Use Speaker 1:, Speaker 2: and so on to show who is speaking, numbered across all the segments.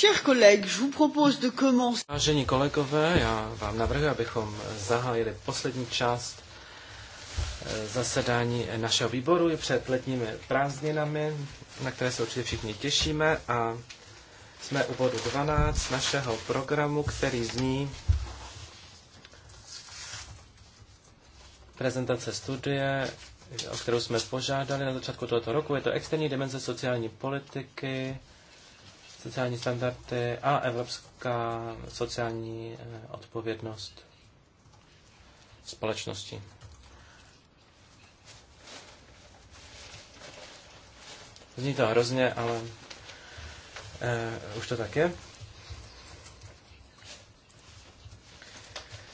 Speaker 1: Chers collègues, je vous propose de commencer.
Speaker 2: Vážení kolegové, já vám navrhuji, abychom eh, zahájili poslední část eh, zasedání našeho výboru před letními prázdninami, na které se určitě všichni těšíme a jsme u bodu 12 našeho programu, který zní prezentace studie, o kterou jsme požádali na začátku tohoto roku. Je to externí dimenze sociální politiky, sociální standardy a evropská sociální eh, odpovědnost společnosti. Zní to hrozně, ale eh, už to tak je.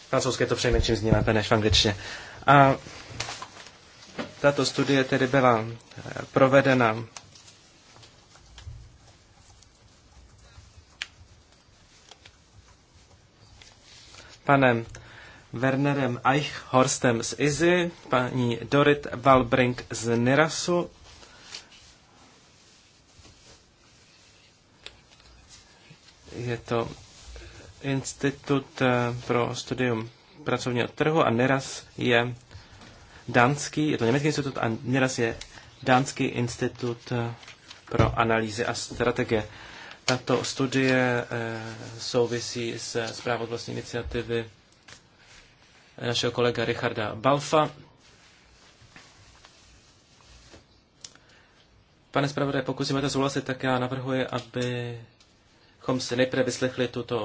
Speaker 2: Francouzské to čím zní lépe než v angličtině. A tato studie tedy byla eh, provedena panem Wernerem Eichhorstem z Izy, paní Dorit Walbrink z Nirasu, je to Institut eh, pro studium pracovního trhu a NERAS je dánský, je to německý institut a NERAS je dánský institut eh, pro analýzy a strategie. Tato studie eh, souvisí se zprávou vlastní iniciativy eh, našeho kolega Richarda Balfa. Pane zpravodaj, pokud si máte souhlasit, tak já navrhuji, abychom si nejprve vyslechli tuto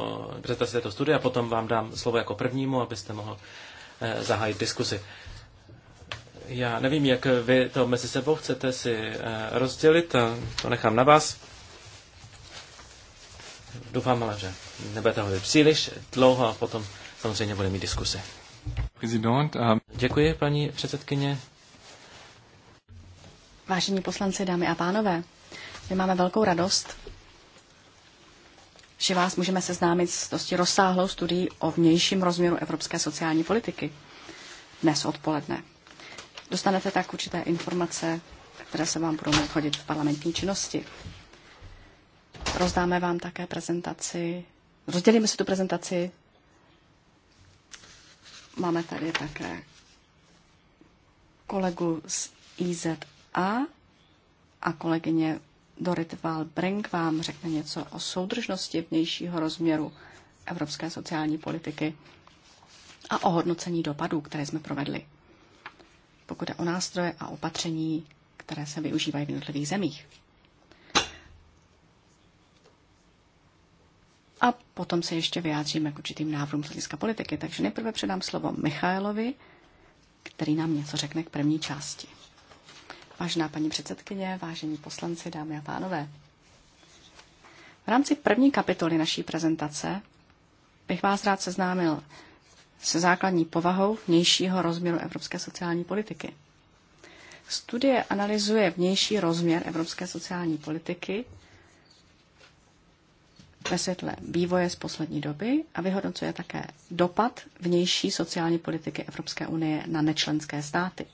Speaker 2: prezentaci této studie a potom vám dám slovo jako prvnímu, abyste mohl eh, zahájit diskusi. Já nevím, jak vy to mezi sebou chcete si rozdělit, to nechám na vás. Doufám ale, že nebudete hovořit příliš dlouho a potom samozřejmě budeme mít diskusi. Eh, Děkuji, paní předsedkyně.
Speaker 3: Vážení poslanci, dámy a pánové, my máme velkou radost, že vás můžeme seznámit s dosti rozsáhlou studií o vnějším rozměru evropské sociální politiky dnes odpoledne. Dostanete tak určité informace, které se vám budou chodit v parlamentní činnosti. Rozdáme vám také prezentaci, rozdělíme si tu prezentaci. Máme tady také kolegu z IZA a kolegyně Dorit Valbrink vám řekne něco o soudržnosti vnějšího rozměru evropské sociální politiky a o hodnocení dopadů, které jsme provedli, pokud je o nástroje a opatření, které se využívají v jednotlivých zemích. a potom se ještě vyjádříme k určitým návrhům z hlediska politiky. Takže nejprve předám slovo Michailovi, který nám něco řekne k první části. Vážená paní předsedkyně, vážení poslanci, dámy a pánové. V rámci první kapitoly naší prezentace bych vás rád seznámil se základní povahou vnějšího rozměru evropské sociální politiky. Studie analyzuje vnější rozměr evropské sociální politiky ve světle vývoje z poslední doby a vyhodnocuje také dopad vnější sociální politiky Evropské unie na nečlenské státy.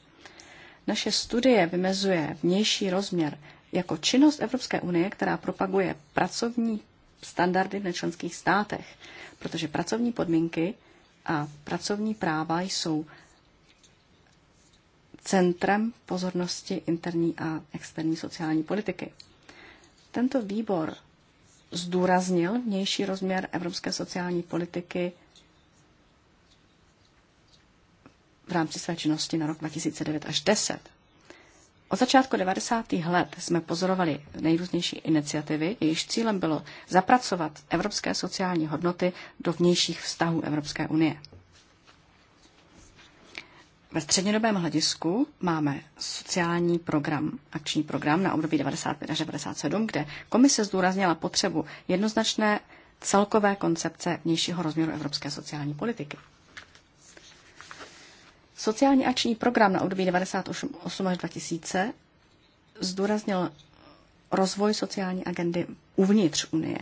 Speaker 3: Naše studie vymezuje vnější rozměr jako činnost Evropské unie, která propaguje pracovní standardy v nečlenských státech, protože pracovní podmínky a pracovní práva jsou centrem pozornosti interní a externí sociální politiky. Tento výbor zdůraznil vnější rozměr evropské sociální politiky v rámci své činnosti na rok 2009 až 10. Od začátku 90. let jsme pozorovali nejrůznější iniciativy, jejichž cílem bylo zapracovat evropské sociální hodnoty do vnějších vztahů Evropské unie. Ve střednědobém hledisku máme sociální program, akční program na období 95 až 97, kde komise zdůraznila potřebu jednoznačné celkové koncepce vnějšího rozměru evropské sociální politiky. Sociální akční program na období 98 až 2000 zdůraznil rozvoj sociální agendy uvnitř Unie.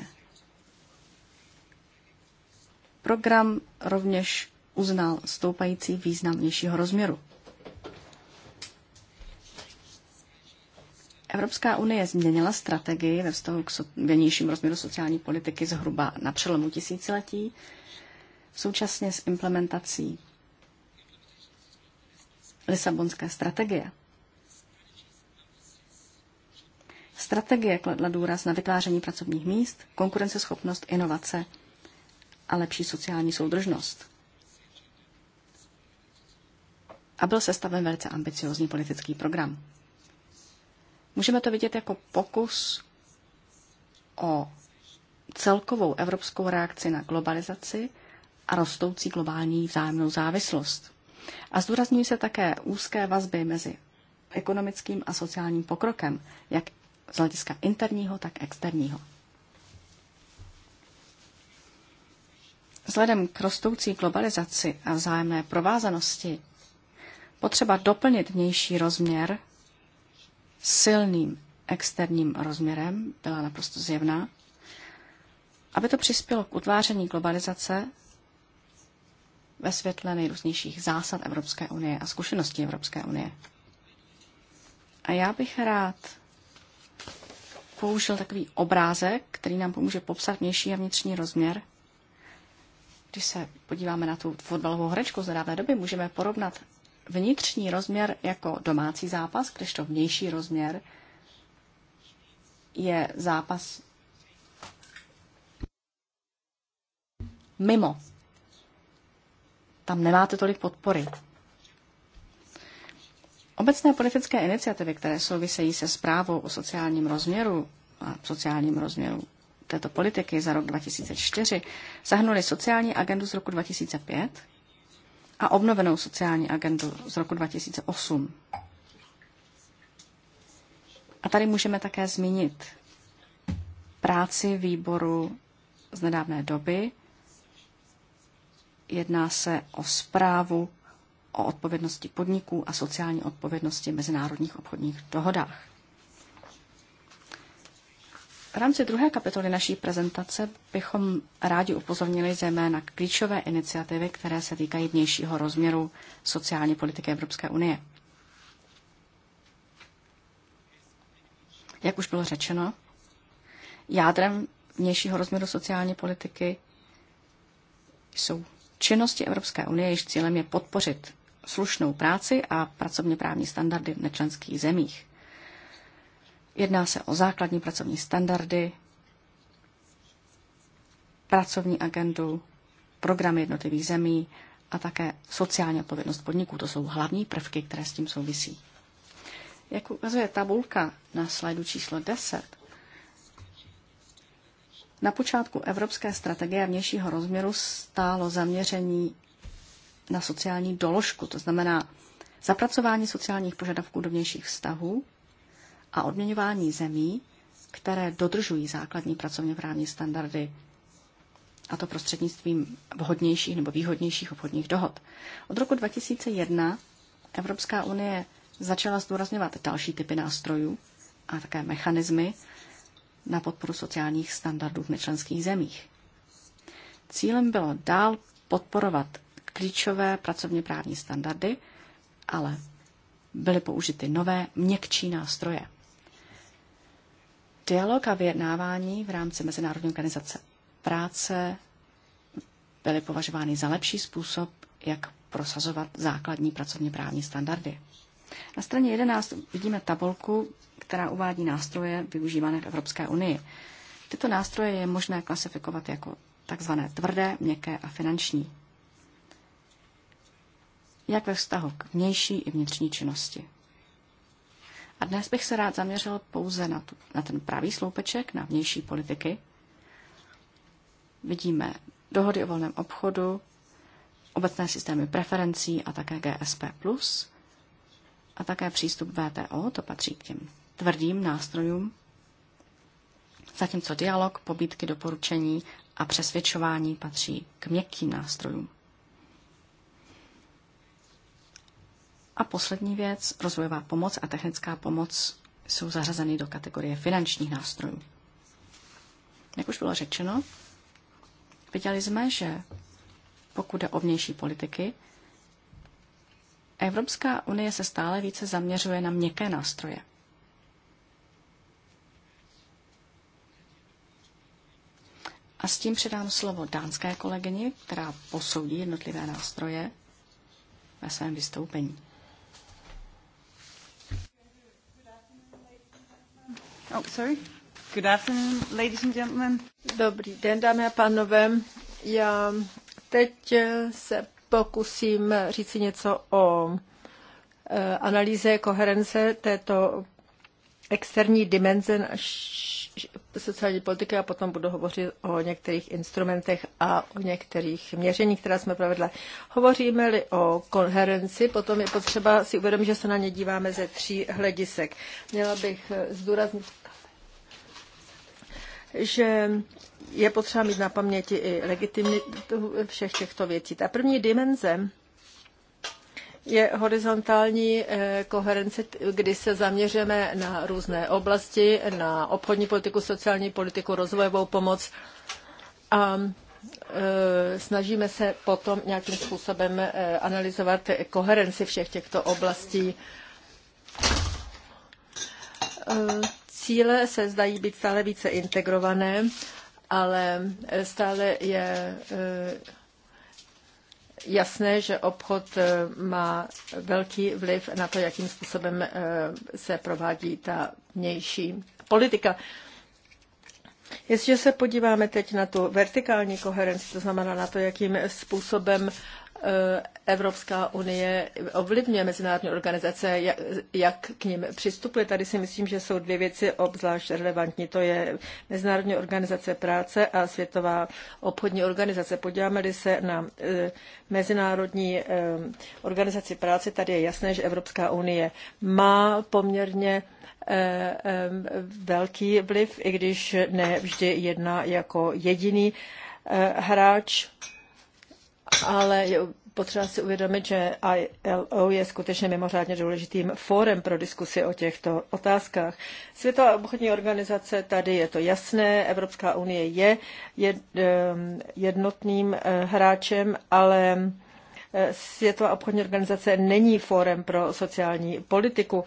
Speaker 3: Program rovněž uznal stoupající význam rozměru. Evropská unie změnila strategii ve vztahu k vnějším rozměru sociální politiky zhruba na přelomu tisíciletí, současně s implementací Lisabonské strategie. Strategie kladla důraz na vytváření pracovních míst, konkurenceschopnost, inovace a lepší sociální soudržnost. a byl sestaven velice ambiciozní politický program. Můžeme to vidět jako pokus o celkovou evropskou reakci na globalizaci a rostoucí globální vzájemnou závislost. A zdůrazňují se také úzké vazby mezi ekonomickým a sociálním pokrokem, jak z hlediska interního, tak externího. Vzhledem k rostoucí globalizaci a vzájemné provázanosti potřeba doplnit vnější rozměr silným externím rozměrem byla naprosto zjevná, aby to přispělo k utváření globalizace ve světle nejrůznějších zásad Evropské unie a zkušeností Evropské unie. A já bych rád použil takový obrázek, který nám pomůže popsat vnější a vnitřní rozměr. Když se podíváme na tu fotbalovou hračku z nedávné doby, můžeme porovnat vnitřní rozměr jako domácí zápas, kdežto vnější rozměr je zápas mimo. Tam nemáte tolik podpory. Obecné politické iniciativy, které souvisejí se zprávou o sociálním rozměru a sociálním rozměru této politiky za rok 2004, zahrnuly sociální agendu z roku 2005, a obnovenou sociální agendu z roku 2008. A tady můžeme také zmínit práci výboru z nedávné doby. Jedná se o zprávu o odpovědnosti podniků a sociální odpovědnosti v mezinárodních obchodních dohodách. V rámci druhé kapitoly naší prezentace bychom rádi upozornili zejména k klíčové iniciativy, které se týkají vnějšího rozměru sociální politiky Evropské unie. Jak už bylo řečeno, jádrem vnějšího rozměru sociální politiky jsou činnosti Evropské unie, jejíž cílem je podpořit slušnou práci a pracovně právní standardy v nečlenských zemích. Jedná se o základní pracovní standardy, pracovní agendu, programy jednotlivých zemí a také sociální odpovědnost podniků. To jsou hlavní prvky, které s tím souvisí. Jak ukazuje tabulka na slajdu číslo 10, na počátku Evropské strategie vnějšího rozměru stálo zaměření na sociální doložku, to znamená zapracování sociálních požadavků do vnějších vztahů a odměňování zemí, které dodržují základní pracovně právní standardy, a to prostřednictvím vhodnějších nebo výhodnějších obchodních dohod. Od roku 2001 Evropská unie začala zdůrazňovat další typy nástrojů a také mechanismy na podporu sociálních standardů v nečlenských zemích. Cílem bylo dál podporovat klíčové pracovně právní standardy, ale byly použity nové měkčí nástroje. Dialog a vyjednávání v rámci Mezinárodní organizace práce byly považovány za lepší způsob, jak prosazovat základní pracovně právní standardy. Na straně 11 vidíme tabulku, která uvádí nástroje využívané v Evropské unii. Tyto nástroje je možné klasifikovat jako takzvané tvrdé, měkké a finanční. Jak ve vztahu k vnější i vnitřní činnosti. A dnes bych se rád zaměřil pouze na, tu, na ten pravý sloupeček, na vnější politiky. Vidíme dohody o volném obchodu, obecné systémy preferencí a také GSP+, a také přístup VTO, to patří k těm tvrdým nástrojům, zatímco dialog, pobídky, doporučení a přesvědčování patří k měkkým nástrojům. A poslední věc, rozvojová pomoc a technická pomoc jsou zařazeny do kategorie finančních nástrojů. Jak už bylo řečeno, viděli jsme, že pokud jde o vnější politiky, Evropská unie se stále více zaměřuje na měkké nástroje. A s tím předám slovo dánské kolegyni, která posoudí jednotlivé nástroje ve svém vystoupení.
Speaker 1: Oh, Dobrý den, dámy a pánové. Já teď se pokusím říci něco o eh, analýze koherence této externí dimenze sociální politiky a potom budu hovořit o některých instrumentech a o některých měřeních, která jsme provedli. Hovoříme-li o koherenci, potom je potřeba si uvědomit, že se na ně díváme ze tří hledisek. Měla bych eh, zdůraznit že je potřeba mít na paměti i legitimitu všech těchto věcí. Ta první dimenze je horizontální eh, koherence, kdy se zaměřeme na různé oblasti, na obchodní politiku, sociální politiku, rozvojovou pomoc a eh, snažíme se potom nějakým způsobem eh, analyzovat koherenci všech těchto oblastí Cíle se zdají být stále více integrované, ale eh, stále je eh, jasné, že obchod eh, má velký vliv na to, jakým způsobem se provádí ta vnější politika. Jestliže se podíváme teď na tu vertikální koherenci, to znamená na to, jakým způsobem Eh, Evropská unie ovlivňuje mezinárodní organizace, jak, jak k ním přistupuje. Tady si myslím, že jsou dvě věci obzvlášť relevantní. To je Mezinárodní organizace práce a Světová obchodní organizace. Podíváme-li se na eh, Mezinárodní eh, organizaci práce, tady je jasné, že Evropská unie má poměrně velký vliv, i když ne vždy jedna jako jediný hráč ale je potřeba si uvědomit, že ILO je skutečně mimořádně důležitým fórem pro diskusi o těchto otázkách. Světová obchodní organizace, tady je to jasné, Evropská unie je jednotným eh, hráčem, ale eh, Světová obchodní organizace není fórem pro sociální politiku.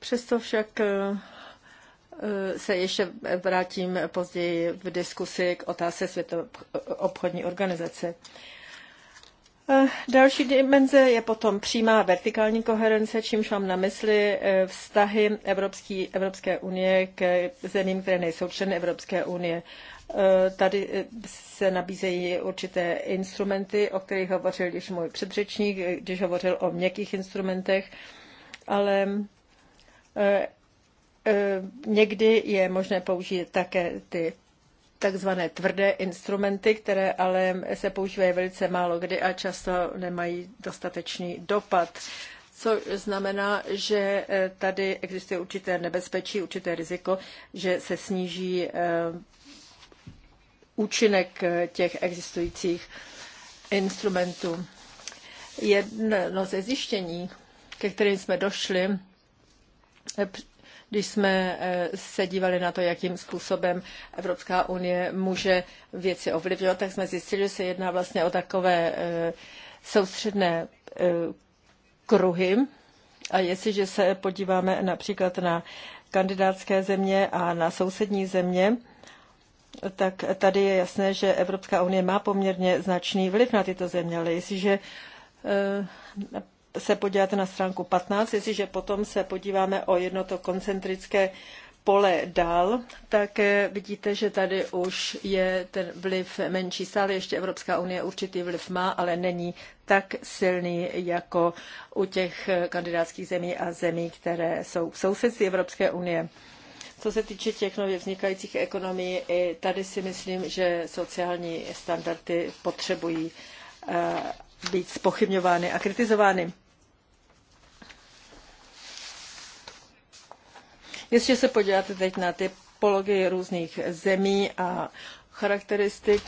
Speaker 1: Přesto však eh, Eh, se ještě vrátím později v diskusi k otázce Světové obchodní organizace. Eh, další dimenze je potom přímá vertikální koherence, čímž mám na mysli eh, vztahy Evropský, Evropské unie k zemím, které nejsou členy Evropské unie. Tady se nabízejí určité instrumenty, o kterých hovořil již můj předřečník, když hovořil o měkkých instrumentech, ale Eh, někdy je možné použít také ty takzvané tvrdé instrumenty, které ale se používají velice málo kdy a často nemají dostatečný dopad. co znamená, že eh, tady existuje určité nebezpečí, určité riziko, že se sníží eh, účinek těch existujících instrumentů. Jedno ze zjištění, ke kterým jsme došli když jsme eh, se dívali na to, jakým způsobem Evropská unie může věci ovlivňovat, tak jsme zjistili, že se jedná vlastně o takové eh, soustředné eh, kruhy. A jestliže se podíváme například na kandidátské země a na sousední země, tak tady je jasné, že Evropská unie má poměrně značný vliv na tyto země, ale jestliže se podívat na stránku 15, jestliže potom se podíváme o jedno to koncentrické pole dál, tak eh, vidíte, že tady už je ten vliv menší stále. Ještě Evropská unie určitý vliv má, ale není tak silný jako u těch eh, kandidátských zemí a zemí, které jsou v sousedství Evropské unie. Co se týče těch nově vznikajících ekonomií, i tady si myslím, že sociální standardy potřebují eh, být spochybňovány a kritizovány. Jestliže se podíváte teď na typologii různých zemí a charakteristik,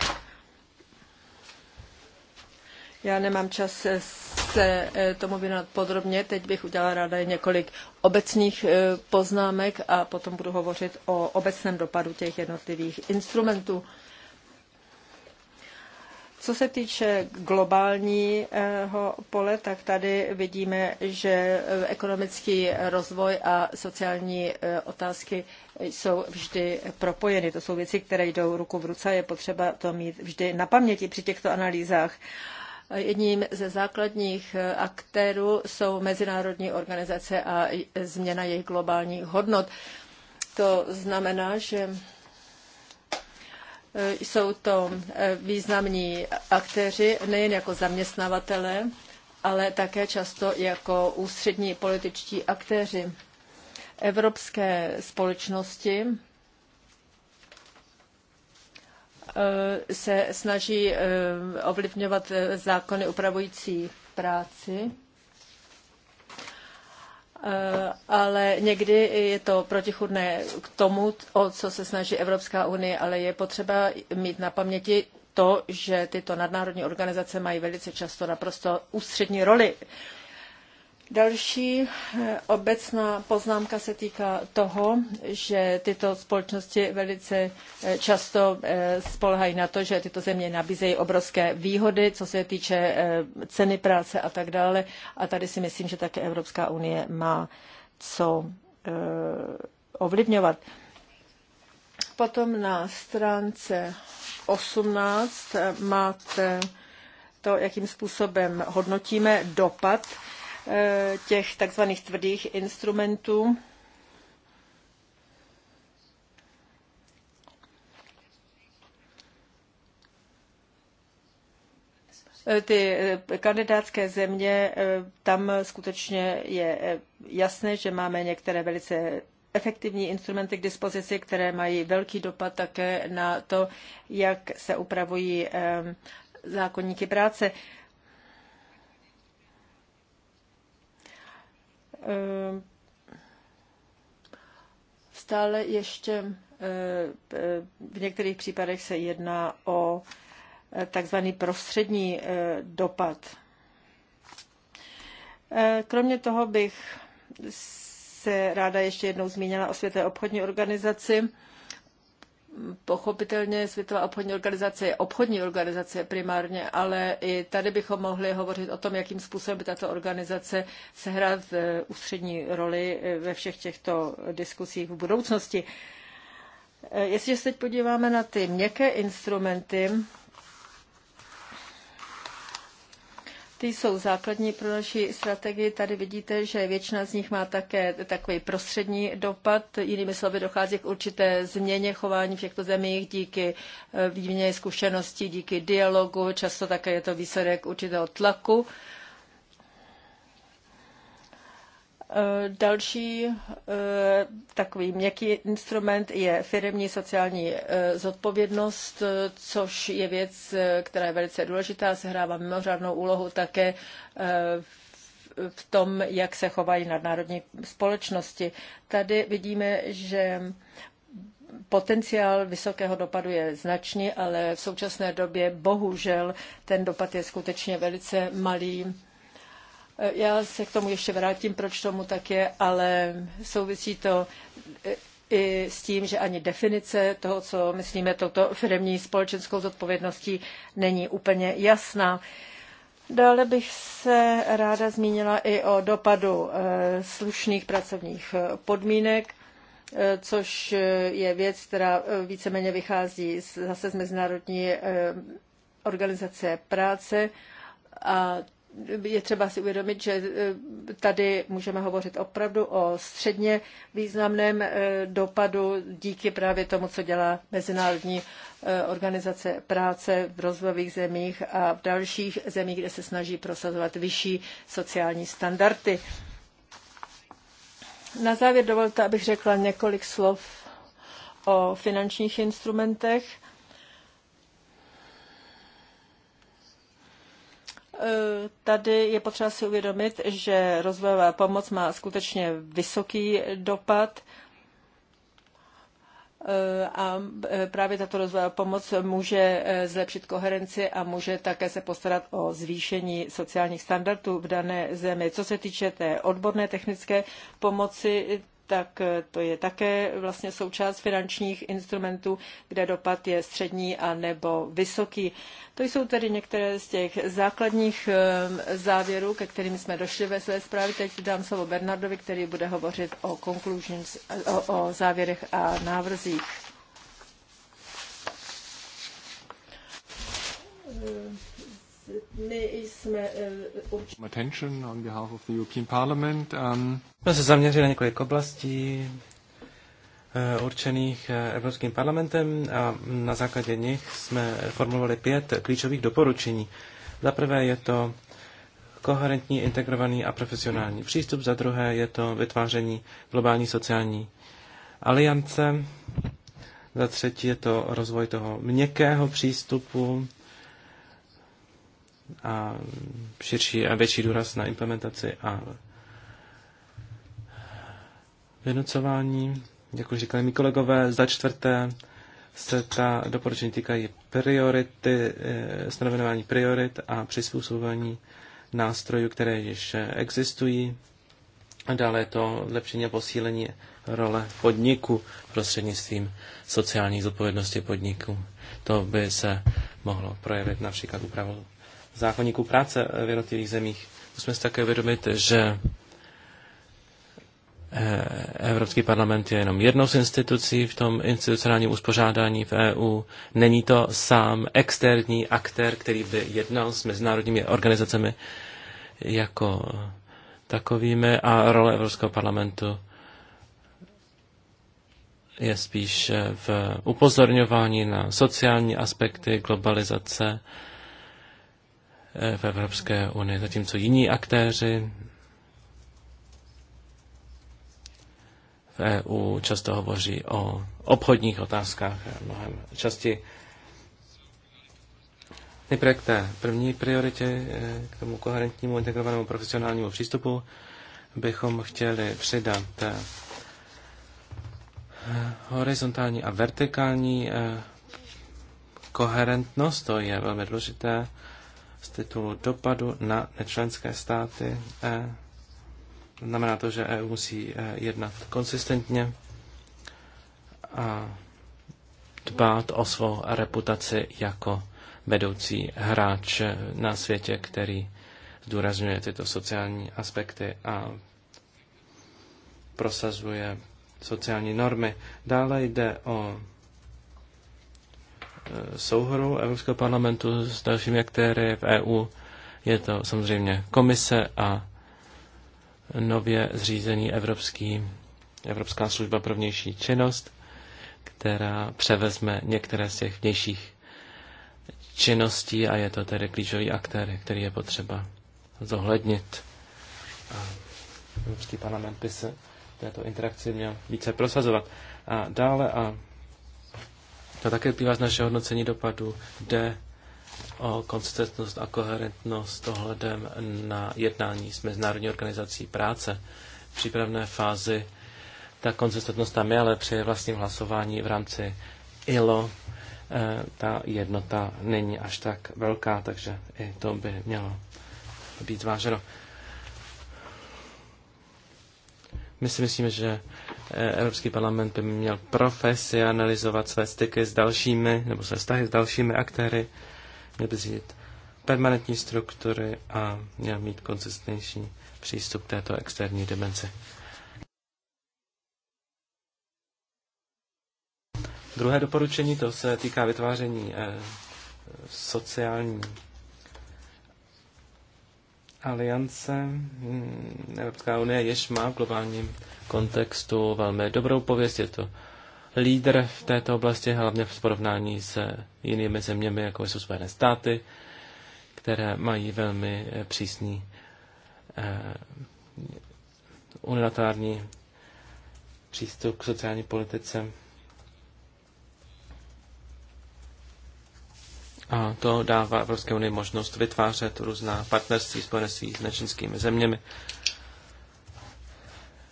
Speaker 1: já nemám čas se eh, tomu věnovat podrobně, teď bych udělala ráda několik obecných eh, poznámek a potom budu hovořit o obecném dopadu těch jednotlivých instrumentů. Co se týče globálního pole, tak tady vidíme, že ekonomický rozvoj a sociální eh, otázky jsou vždy propojeny. To jsou věci, které jdou ruku v ruce je potřeba to mít vždy na paměti při těchto analýzách. Jedním ze základních eh, aktérů jsou mezinárodní organizace a eh, změna jejich globálních hodnot. To znamená, že Eh, jsou to eh, významní aktéři nejen jako zaměstnavatele, ale také často jako ústřední političtí aktéři. Evropské společnosti eh, se snaží ovlivňovat zákony upravující práci. Eh, ale někdy je to protichudné k tomu, o co se snaží Evropská unie, ale je potřeba mít na paměti to, že tyto nadnárodní organizace mají velice často naprosto ústřední roli Další eh, obecná poznámka se týká toho, že tyto společnosti velice eh, často eh, spolehají na to, že tyto země nabízejí obrovské výhody, co se týče ceny práce a tak dále. A tady si myslím, že také Evropská unie má co ovlivňovat. Potom na stránce 18 máte to, jakým způsobem hodnotíme dopad Eh, těch takzvaných tvrdých instrumentů. Eh, ty eh, kandidátské země, tam skutečně je jasné, že máme některé velice efektivní instrumenty k dispozici, které mají velký dopad také na to, jak se upravují zákonníky práce. Eh, stále ještě eh, v některých případech se jedná o eh, takzvaný prostřední dopad. Kromě toho bych se ráda ještě jednou zmínila o Světové obchodní organizaci pochopitelně Světová obchodní organizace je obchodní organizace primárně, ale i tady bychom mohli hovořit o tom, jakým způsobem by tato organizace sehrát e, ústřední roli e, ve všech těchto diskusích v budoucnosti. E, jestliže se teď podíváme na ty měkké instrumenty, Ty jsou základní pro naši strategii. Tady vidíte, že většina z nich má také takový prostřední dopad. Jinými slovy, dochází k určité změně chování v těchto zemích díky eh, výměně zkušeností, díky dialogu. Často také je to výsledek určitého tlaku Eh, další eh, takový měkký instrument je firmní sociální eh, zodpovědnost, což je věc, která je velice důležitá, sehrává mimořádnou úlohu také v tom, jak se chovají nadnárodní společnosti. Tady vidíme, že potenciál vysokého dopadu je značný, ale v současné době bohužel ten dopad je skutečně velice malý já se k tomu ještě vrátím, proč tomu tak je, ale souvisí to i s tím, že ani definice toho, co myslíme touto firmní společenskou zodpovědností, není úplně jasná. Dále bych se ráda zmínila i o dopadu eh, slušných pracovních podmínek, eh, což je věc, která eh, víceméně vychází zase z Mezinárodní organizace práce a je třeba si uvědomit, že e, tady můžeme hovořit opravdu o středně významném e, dopadu díky právě tomu, co dělá Mezinárodní e, organizace práce v rozvojových zemích a v dalších zemích, kde se snaží prosazovat vyšší sociální standardy. Na závěr dovolte, abych řekla několik slov o finančních instrumentech Eh, tady je potřeba si uvědomit, že rozvojová pomoc má skutečně vysoký dopad eh, a eh, právě tato rozvojová pomoc může zlepšit koherenci a může také se postarat o zvýšení sociálních standardů v dané zemi. Co se týče té odborné technické pomoci, tak eh, to je také vlastně součást finančních instrumentů, kde dopad je střední a nebo vysoký. To jsou tedy některé z těch základních ehm, závěrů, ke kterým jsme došli ve své zprávě. Teď dám slovo Bernardovi, který bude hovořit o, o, o závěrech a návrzích. Eh, my eh,
Speaker 2: um, jsme se zaměřili na několik oblastí eh, určených eh, Evropským parlamentem a na základě nich jsme formulovali pět klíčových doporučení. Za prvé je to koherentní, integrovaný a profesionální přístup, za druhé je to vytváření globální sociální aliance, za třetí je to rozvoj toho měkkého přístupu, a širší a větší důraz na implementaci a vynucování. Jak už říkali mi kolegové, za čtvrté se ta doporučení týkají priority, eh, stanovování priorit a přizpůsobování nástrojů, které již existují. A dále je to lepšení a posílení role podniku prostřednictvím sociální zodpovědnosti podniku. To by se mohlo projevit například úpravou zákonníků práce eh, v jednotlivých zemích. Musíme si také uvědomit, že eh, Evropský parlament je jenom jednou z institucí v tom institucionálním uspořádání v EU. Není to sám externí aktér, který by jednal s mezinárodními organizacemi jako takovými a role Evropského parlamentu je spíš v upozorňování na sociální aspekty globalizace v Evropské unii, zatímco jiní aktéři v EU často hovoří o obchodních otázkách mnohem častěji. Nejprve k té první prioritě, eh, k tomu koherentnímu integrovanému profesionálnímu přístupu, bychom chtěli přidat eh, horizontální a vertikální eh, koherentnost, to je velmi důležité z titulu dopadu na nečlenské státy. Eh, znamená to, že EU musí eh, jednat konsistentně a dbát o svou reputaci jako vedoucí hráč na světě, který zdůrazňuje tyto sociální aspekty a prosazuje sociální normy. Dále jde o souhru Evropského parlamentu s dalšími aktéry v EU. Je to samozřejmě komise a nově zřízený Evropský, Evropská služba pro vnější činnost, která převezme některé z těch vnějších činností a je to tedy klíčový aktér, který je potřeba zohlednit. A Evropský parlament by se této interakci měl více prosazovat. A dále a to také bývá z našeho hodnocení dopadu. Jde o konsistentnost a koherentnost ohledem na jednání s Mezinárodní organizací práce. V přípravné fázi ta konsistentnost tam je, ale při vlastním hlasování v rámci ILO eh, ta jednota není až tak velká, takže i to by mělo být váženo. My si myslíme, že Evropský parlament by měl profesionalizovat své styky s dalšími, nebo se vztahy s dalšími aktéry, měl by zjít permanentní struktury a měl mít konzistentnější přístup k této externí dimenzi. Druhé doporučení to se týká vytváření eh, sociální aliance. Hmm, Evropská unie jež má v globálním kontextu velmi dobrou pověst. Je to lídr v této oblasti, hlavně v porovnání s jinými zeměmi, jako jsou Spojené státy, které mají velmi eh, přísný eh, unilatární přístup k sociální politice. A to dává Evropské unii možnost vytvářet různá partnerství spojenectví s nečinskými zeměmi.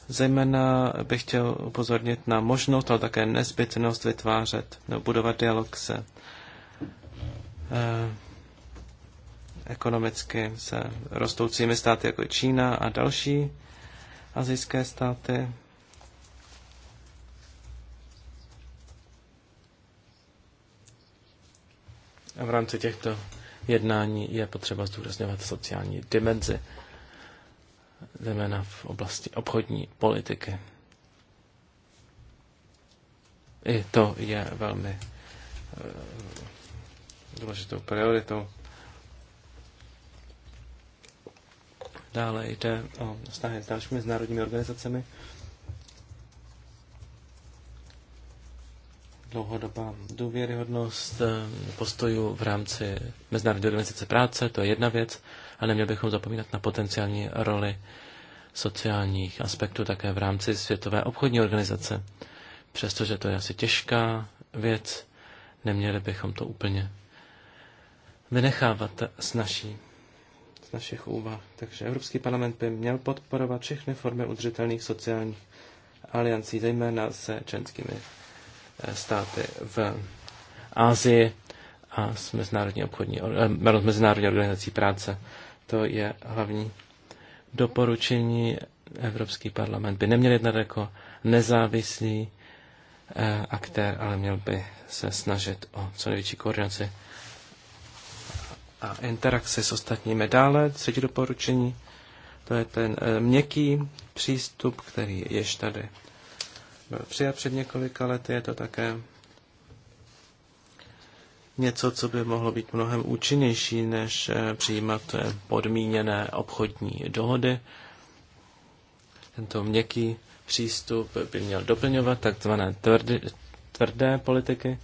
Speaker 2: Zejména bych chtěl upozornit na možnost, ale také nezbytnost vytvářet nebo budovat dialog se eh, ekonomicky se rostoucími státy, jako Čína a další azijské státy. A v rámci těchto jednání je potřeba zdůrazňovat sociální dimenzi zejména v oblasti obchodní politiky. I to je velmi eh, důležitou prioritou. Dále jde o vztahy s dalšími národními organizacemi. Dlouhodobá důvěryhodnost eh, postojů v rámci Mezinárodní organizace práce, to je jedna věc a neměli bychom zapomínat na potenciální roli sociálních aspektů také v rámci Světové obchodní organizace. Přestože to je asi těžká věc, neměli bychom to úplně vynechávat s naší, z našich úvah. Takže Evropský parlament by měl podporovat všechny formy udržitelných sociálních aliancí, zejména se členskými eh, státy v Asii a s Mezinárodní, obchodní, eh, mezinárodní organizací práce. To je hlavní doporučení. Evropský parlament by neměl jednat jako nezávislý eh, aktér, ale měl by se snažit o co největší koordinaci a interakci s ostatními. Dále třetí doporučení, to je ten eh, měkký přístup, který jež tady byl přijat před několika lety. Je to také něco, co by mohlo být mnohem účinnější, než eh, přijímat eh, podmíněné obchodní dohody. Tento měkký přístup by měl doplňovat takzvané tvrdé, tvrdé politiky.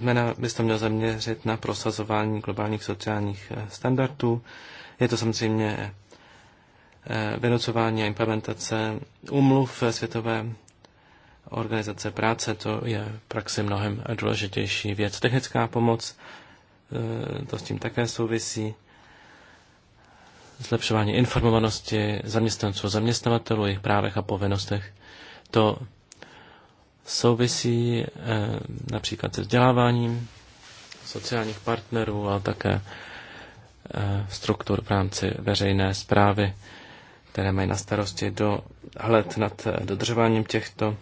Speaker 2: Jména by se to měl zaměřit na prosazování globálních sociálních eh, standardů. Je to samozřejmě vynocování a implementace umluv Světové organizace práce, to je v praxi mnohem důležitější věc. Technická pomoc, e, to s tím také souvisí. Zlepšování informovanosti zaměstnanců, zaměstnavatelů, jejich právech a povinnostech. To souvisí e, například se vzděláváním sociálních partnerů, ale také e, struktur v rámci veřejné zprávy, které mají na starosti dohled nad dodržováním těchto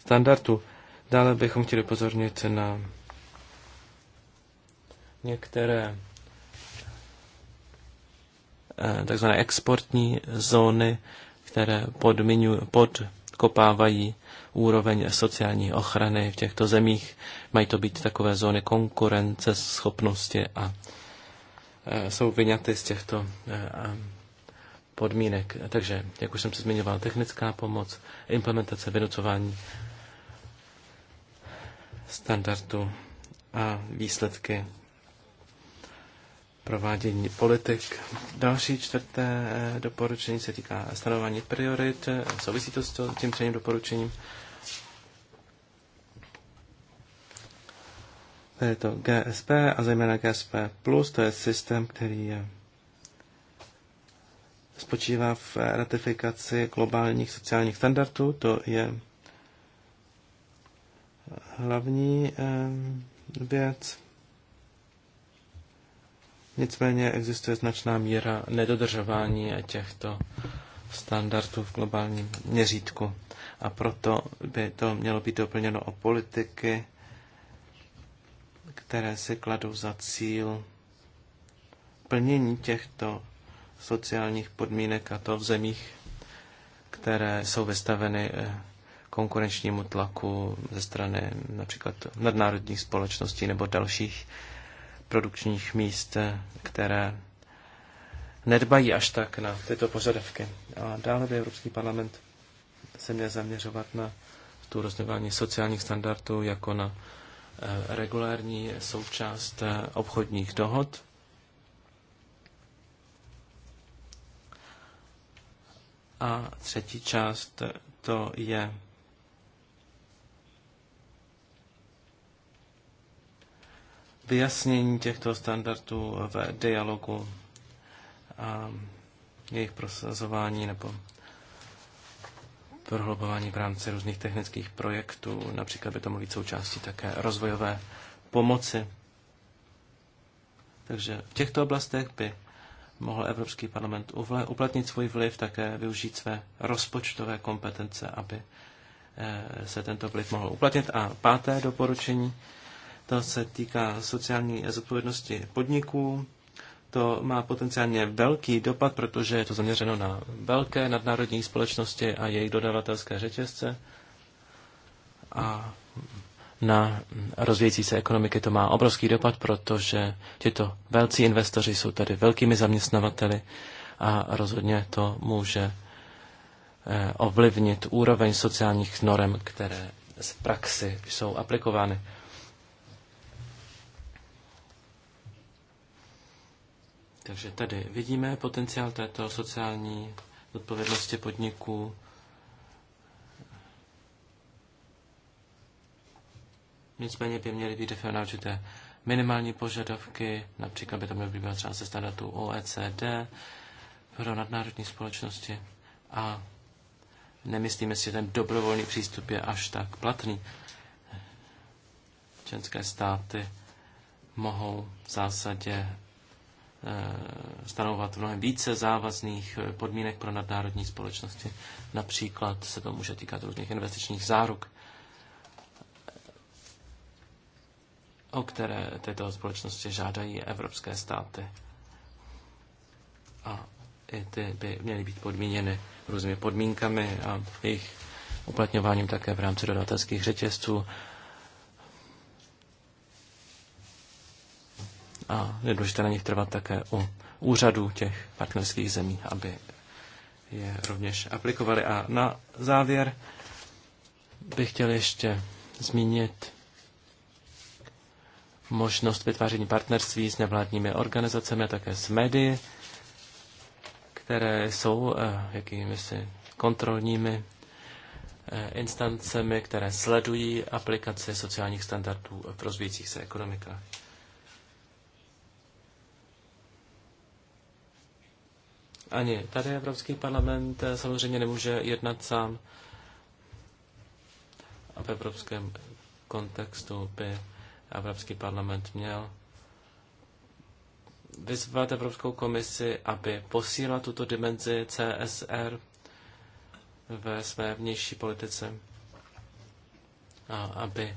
Speaker 2: standardu. Dále bychom chtěli pozornit na některé eh, takzvané exportní zóny, které podmiňu, podkopávají úroveň sociální ochrany v těchto zemích. Mají to být takové zóny konkurence, schopnosti a eh, jsou vyňaty z těchto eh, podmínek. Takže, jak už jsem se zmiňoval, technická pomoc, implementace, vynucování standardu a výsledky provádění politik. Další čtvrté eh, doporučení se týká stanování priorit. Souvisí to s tím třetím doporučením. To je to GSP a zejména GSP+, plus, to je systém, který je, spočívá v ratifikaci globálních sociálních standardů. To je hlavní eh, věc. Nicméně existuje značná míra nedodržování těchto standardů v globálním měřítku. A proto by to mělo být doplněno o politiky, které si kladou za cíl plnění těchto sociálních podmínek a to v zemích, které jsou vystaveny eh, konkurenčnímu tlaku ze strany například nadnárodních společností nebo dalších produkčních míst, které nedbají až tak na tyto požadavky. A dále by Evropský parlament se měl zaměřovat na tu rozdělování sociálních standardů jako na eh, regulární součást eh, obchodních dohod. A třetí část eh, to je vyjasnění těchto standardů v dialogu a jejich prosazování nebo prohlubování v rámci různých technických projektů. Například by to mohlo být součástí také rozvojové pomoci. Takže v těchto oblastech by mohl Evropský parlament uplatnit svůj vliv, také využít své rozpočtové kompetence, aby eh, se tento vliv mohl uplatnit. A páté doporučení to se týká sociální zodpovědnosti podniků. To má potenciálně velký dopad, protože je to zaměřeno na velké nadnárodní společnosti a jejich dodavatelské řetězce. A na rozvíjející se ekonomiky to má obrovský dopad, protože tyto velcí investoři jsou tady velkými zaměstnavateli a rozhodně to může eh, ovlivnit úroveň sociálních norm, které z praxi jsou aplikovány. Takže tady vidíme potenciál této sociální odpovědnosti podniků. Nicméně by měly být definovány určité minimální požadavky, například by to mělo být třeba ze standardů OECD pro nadnárodní společnosti a nemyslíme si, že ten dobrovolný přístup je až tak platný. Členské státy mohou v zásadě Eh, stanovovat mnohem více závazných eh, podmínek pro nadnárodní společnosti. Například se to může týkat různých investičních záruk, o které této společnosti žádají evropské státy. A i ty by měly být podmíněny různými podmínkami a jejich uplatňováním také v rámci dodatelských řetězců a je důležité na nich trvat také u úřadů těch partnerských zemí, aby je rovněž aplikovali. A na závěr bych chtěl ještě zmínit možnost vytváření partnerství s nevládními organizacemi také s médii, které jsou eh, jakými si kontrolními eh, instancemi, které sledují aplikaci sociálních standardů v rozvíjících se ekonomikách. Ani tady Evropský parlament eh, samozřejmě nemůže jednat sám a v evropském kontextu by Evropský parlament měl vyzvat Evropskou komisi, aby posílala tuto dimenzi CSR ve své vnější politice a aby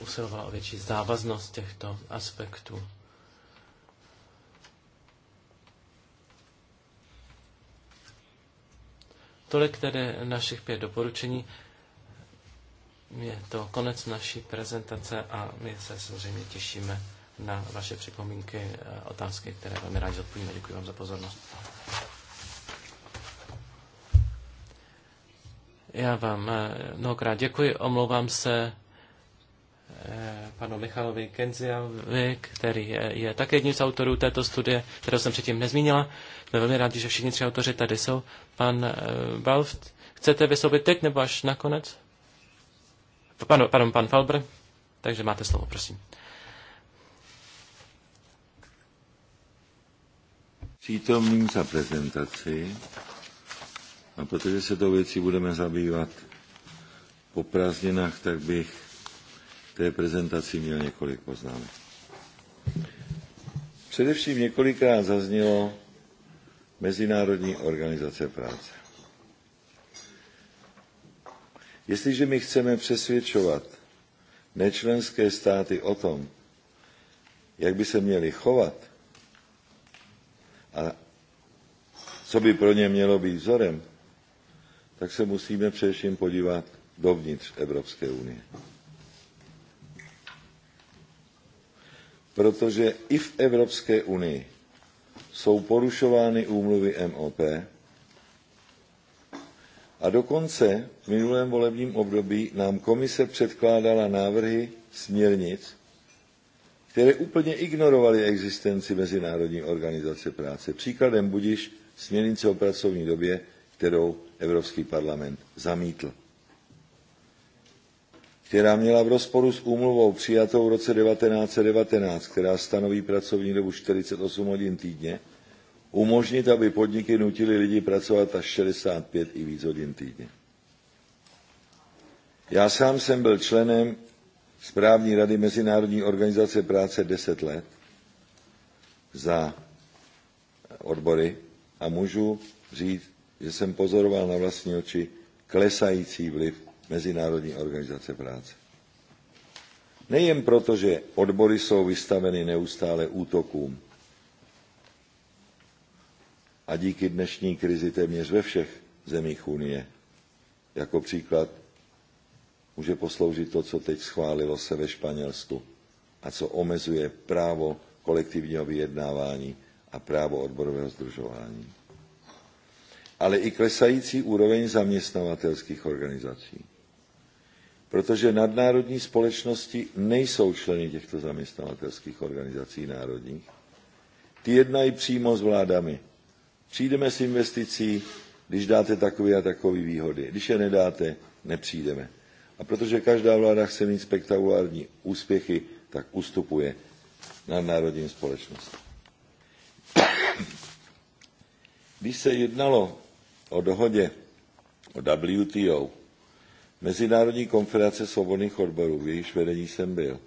Speaker 2: usilovala o větší závaznost těchto aspektů. Tolik tedy našich pět doporučení. Je to konec naší prezentace a my se samozřejmě těšíme na vaše připomínky, otázky, které velmi rádi odpovíme. Děkuji vám za pozornost. Já vám eh, mnohokrát děkuji, omlouvám se Eh, panu Michalovi Kenziavi, který je, je také jedním z autorů této studie, kterou jsem předtím nezmínila. Jsme velmi rádi, že všichni tři autoři tady jsou. Pan eh, Balft, chcete vysoubit teď nebo až nakonec? Pan, pardon, pan Falbr, takže máte slovo, prosím.
Speaker 4: Přítomným za prezentaci a protože se tou věcí budeme zabývat po prázdninách, tak bych té prezentaci měl několik poznámek. Především několikrát zaznělo Mezinárodní organizace práce. Jestliže my chceme přesvědčovat nečlenské státy o tom, jak by se měli chovat a co by pro ně mělo být vzorem, tak se musíme především podívat dovnitř Evropské unie. protože i v Evropské unii jsou porušovány úmluvy MOP a dokonce v minulém volebním období nám komise předkládala návrhy směrnic, které úplně ignorovaly existenci Mezinárodní organizace práce. Příkladem budiš směrnice o pracovní době, kterou Evropský parlament zamítl která měla v rozporu s úmluvou přijatou v roce 1919, která stanoví pracovní dobu 48 hodin týdně, umožnit, aby podniky nutily lidi pracovat až 65 i víc hodin týdně. Já sám jsem byl členem správní rady Mezinárodní organizace práce 10 let za odbory a můžu říct, že jsem pozoroval na vlastní oči klesající vliv Mezinárodní organizace práce. Nejen proto, že odbory jsou vystaveny neustále útokům a díky dnešní krizi téměř ve všech zemích Unie, jako příklad může posloužit to, co teď schválilo se ve Španělsku a co omezuje právo kolektivního vyjednávání a právo odborového združování. Ale i klesající úroveň zaměstnavatelských organizací protože nadnárodní společnosti nejsou členy těchto zaměstnavatelských organizací národních. Ty jednají přímo s vládami. Přijdeme s investicí, když dáte takové a takové výhody. Když je nedáte, nepřijdeme. A protože každá vláda chce mít spektakulární úspěchy, tak ustupuje nadnárodním společnostem. Když se jednalo o dohodě o WTO, Mezinárodní konference svobodných odborů, v jejíž vedení jsem byl.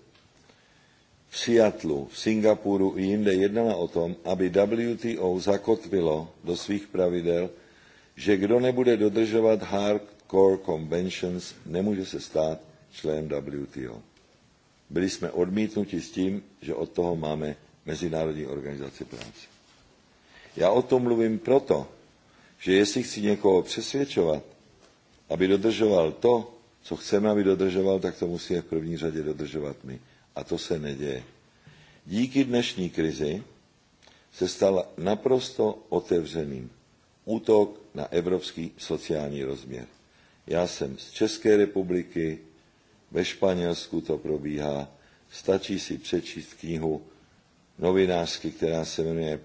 Speaker 4: V Seattlu, v Singapuru i jinde jednala o tom, aby WTO zakotvilo do svých pravidel, že kdo nebude dodržovat hardcore conventions, nemůže se stát členem WTO. Byli jsme odmítnuti s tím, že od toho máme Mezinárodní organizaci práce. Já o tom mluvím proto, že jestli chci někoho přesvědčovat, aby dodržoval to, co chceme, aby dodržoval, tak to musíme v první řadě dodržovat my. A to se neděje. Díky dnešní krizi se stal naprosto otevřeným útok na evropský sociální rozměr. Já jsem z České republiky, ve Španělsku to probíhá, stačí si přečíst knihu novinářky, která se jmenuje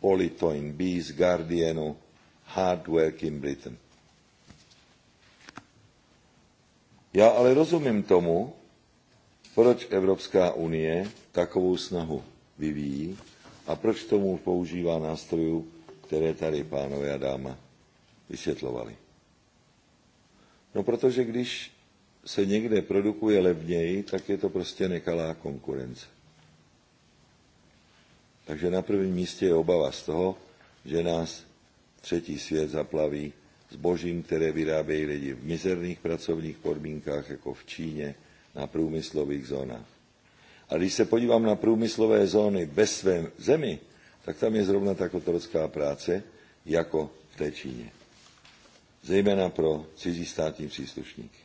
Speaker 4: Politoin Bees Guardianu Hard Work in Britain. Já ale rozumím tomu, proč Evropská unie takovou snahu vyvíjí a proč tomu používá nástrojů, které tady pánové a dáma vysvětlovali. No protože když se někde produkuje levněji, tak je to prostě nekalá konkurence. Takže na prvním místě je obava z toho, že nás třetí svět zaplaví zbožím, které vyrábějí lidi v mizerných pracovních podmínkách, jako v Číně, na průmyslových zónách. A když se podívám na průmyslové zóny ve své zemi, tak tam je zrovna tak otrocká práce, jako v té Číně. Zejména pro cizí státní příslušníky.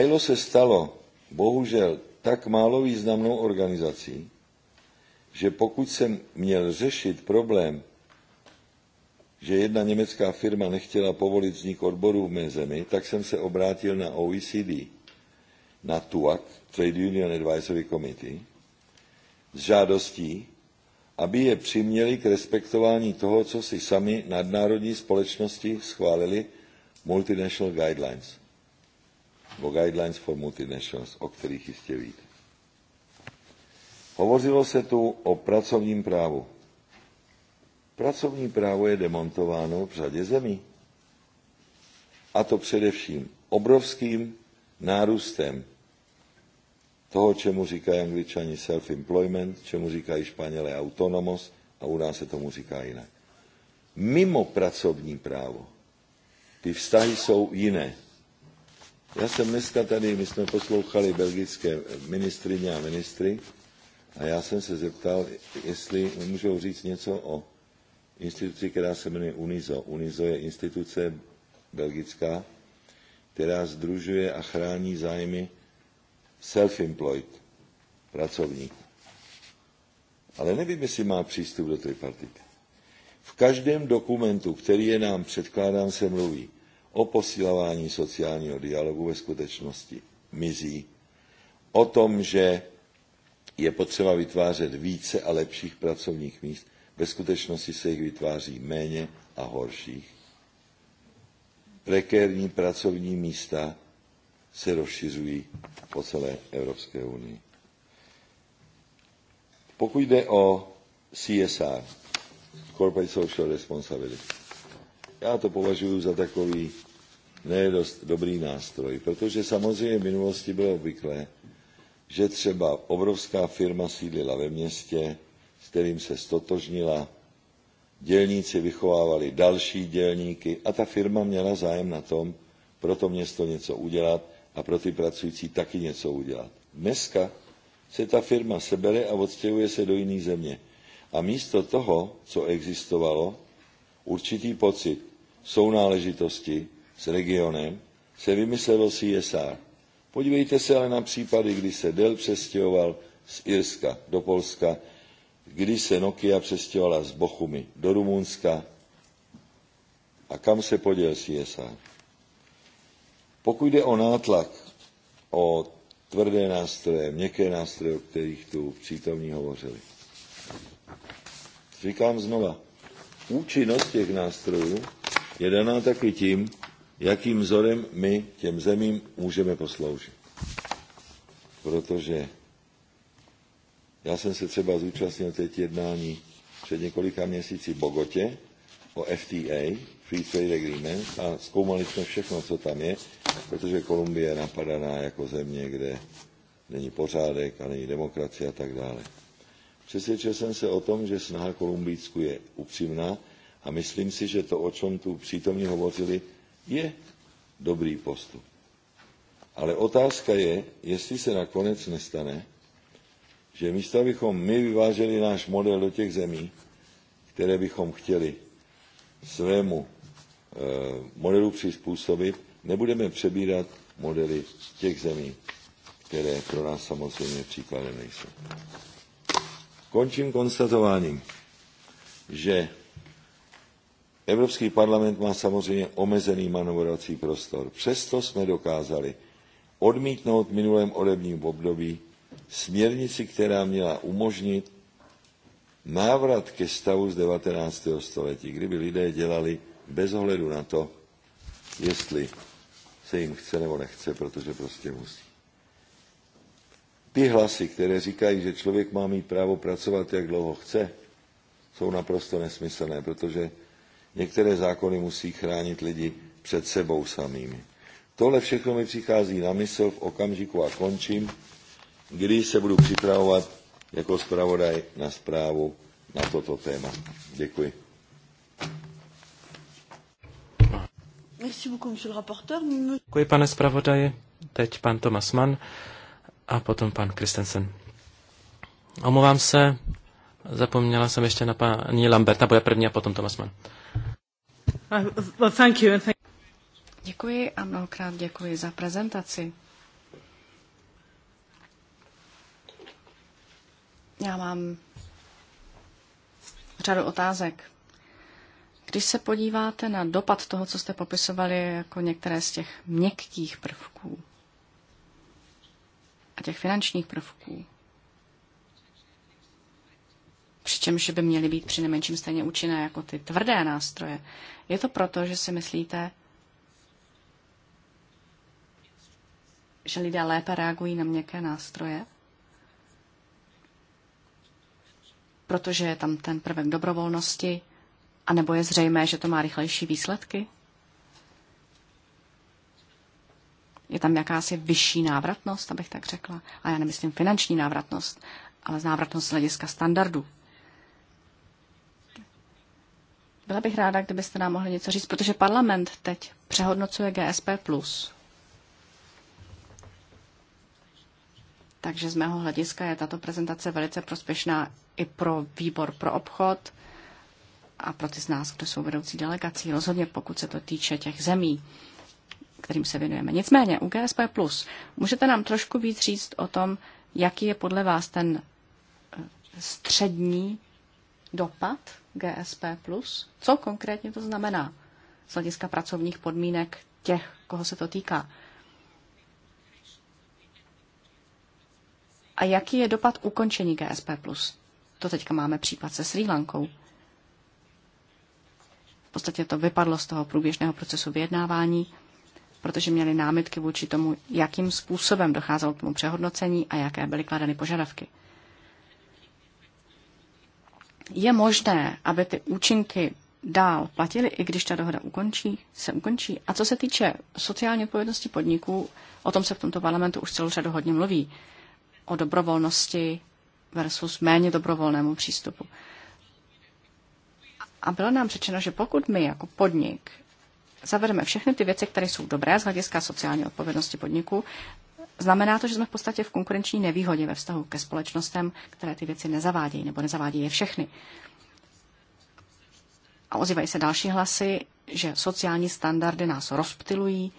Speaker 4: ILO se stalo bohužel tak málo významnou organizací, že pokud jsem měl řešit problém že jedna německá firma nechtěla povolit vznik odborů v mé zemi, tak jsem se obrátil na OECD, na TUAC, Trade Union Advisory Committee, s žádostí, aby je přiměli k respektování toho, co si sami nadnárodní společnosti schválili Multinational Guidelines, nebo Guidelines for Multinationals, o kterých jistě víte. Hovořilo se tu o pracovním právu. Pracovní právo je demontováno v řadě zemí. A to především obrovským nárůstem toho, čemu říkají angličani self-employment, čemu říkají španělé autonomos a u nás se tomu říká jinak. Mimo pracovní právo ty vztahy jsou jiné. Já jsem dneska tady, my jsme poslouchali belgické ministrině a ministry a já jsem se zeptal, jestli můžou říct něco o instituci, která se jmenuje UNIZO. UNIZO je instituce belgická, která združuje a chrání zájmy self-employed pracovníků. Ale nevím, jestli má přístup do tripartity. V každém dokumentu, který je nám předkládán, se mluví o posilování sociálního dialogu ve skutečnosti mizí, o tom, že je potřeba vytvářet více a lepších pracovních míst. Ve skutečnosti se jich vytváří méně a horších. Prekérní pracovní místa se rozšiřují po celé Evropské unii. Pokud jde o CSR, Corporate Social Responsibility, já to považuji za takový nedost dobrý nástroj, protože samozřejmě v minulosti bylo obvyklé, že třeba obrovská firma sídlila ve městě, kterým se stotožnila. Dělníci vychovávali další dělníky a ta firma měla zájem na tom, pro to město něco udělat a pro ty pracující taky něco udělat. Dneska se ta firma sebere a odstěhuje se do jiné země. A místo toho, co existovalo, určitý pocit sounáležitosti s regionem, se vymyslelo CSR. Podívejte se ale na případy, kdy se Dell přestěhoval z Irska do Polska kdy se Nokia přestěhovala z Bochumy do Rumunska a kam se poděl CSR. Pokud jde o nátlak, o tvrdé nástroje, měkké nástroje, o kterých tu přítomní hovořili. Říkám znova, účinnost těch nástrojů je daná taky tím, jakým vzorem my těm zemím můžeme posloužit. Protože já jsem se třeba zúčastnil teď jednání před několika měsíci v Bogotě o FTA, Free Trade Agreement, a zkoumali jsme všechno, co tam je, protože Kolumbie je napadaná jako země, kde není pořádek a není demokracie a tak dále. Přesvědčil jsem se o tom, že snaha Kolumbijsku je upřímná a myslím si, že to, o čem tu přítomní hovořili, je dobrý postup. Ale otázka je, jestli se nakonec nestane, že místo, abychom my vyváželi náš model do těch zemí, které bychom chtěli svému eh, modelu přizpůsobit, nebudeme přebírat modely těch zemí, které pro nás samozřejmě příkladem nejsou. Končím konstatováním, že Evropský parlament má samozřejmě omezený manovrací prostor. Přesto jsme dokázali odmítnout v minulém odebním období směrnici, která měla umožnit návrat ke stavu z 19. století, kdyby lidé dělali bez ohledu na to, jestli se jim chce nebo nechce, protože prostě musí. Ty hlasy, které říkají, že člověk má mít právo pracovat, jak dlouho chce, jsou naprosto nesmyslné, protože některé zákony musí chránit lidi před sebou samými. Tohle všechno mi přichází na mysl v okamžiku a končím kdy se budu připravovat jako zpravodaj na zprávu na toto téma. Děkuji.
Speaker 1: Děkuji,
Speaker 2: pane zpravodaji. Teď pan Thomas Mann a potom pan Kristensen. Omlouvám se, zapomněla jsem ještě na paní Lamberta, bude první a potom Thomas Mann.
Speaker 3: Uh, děkuji a mnohokrát děkuji za prezentaci. Já mám řadu otázek. Když se podíváte na dopad toho, co jste popisovali jako některé z těch měkkých prvků a těch finančních prvků, přičemž by měly být při nejmenším stejně účinné jako ty tvrdé nástroje, je to proto, že si myslíte, že lidé lépe reagují na měkké nástroje? protože je tam ten prvek dobrovolnosti, anebo je zřejmé, že to má rychlejší výsledky? Je tam jakási vyšší návratnost, abych tak řekla. A já nemyslím finanční návratnost, ale návratnost z hlediska standardu. Byla bych ráda, kdybyste nám mohli něco říct, protože parlament teď přehodnocuje GSP+. Takže z mého hlediska je tato prezentace velice prospěšná i pro výbor pro obchod a pro ty z nás, kdo jsou vedoucí delegací, rozhodně pokud se to týče těch zemí, kterým se věnujeme. Nicméně, u GSP+, můžete nám trošku víc říct o tom, jaký je podle vás ten e, střední dopad GSP+, co konkrétně to znamená z hlediska pracovních podmínek těch, koho se to týká. A jaký je dopad ukončení GSP+. To teďka máme případ se Sri Lankou. V podstatě to vypadlo z toho průběžného procesu vyjednávání, protože měli námitky vůči tomu, jakým způsobem docházelo k tomu přehodnocení a jaké byly kladeny požadavky. Je možné, aby ty účinky dál platily, i když ta dohoda ukončí, se ukončí. A co se týče sociální odpovědnosti podniků, o tom se v tomto parlamentu už celou řadu hodně mluví o dobrovolnosti versus méně dobrovolnému přístupu. A bylo nám řečeno, že pokud my jako podnik zavedeme všechny ty věci, které jsou dobré z hlediska sociální odpovědnosti podniku, znamená to, že jsme v podstatě v konkurenční nevýhodě ve vztahu ke společnostem, které ty věci nezavádějí nebo nezavádějí je všechny. A ozývají se další hlasy, že sociální standardy nás rozptilují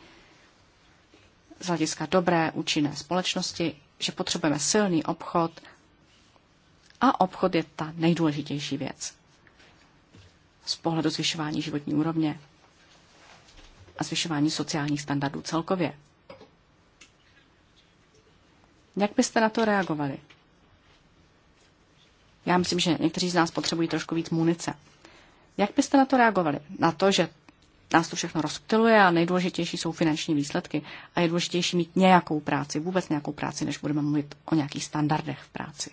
Speaker 3: z hlediska dobré, účinné společnosti že potřebujeme silný obchod a obchod je ta nejdůležitější věc z pohledu zvyšování životní úrovně a zvyšování sociálních standardů celkově. Jak byste na to reagovali? Já myslím, že někteří z nás potřebují trošku víc munice. Jak byste na to reagovali? Na to, že nás to všechno rozptiluje a nejdůležitější jsou finanční výsledky. A je důležitější mít nějakou práci, vůbec nějakou práci, než budeme mluvit o nějakých standardech v práci.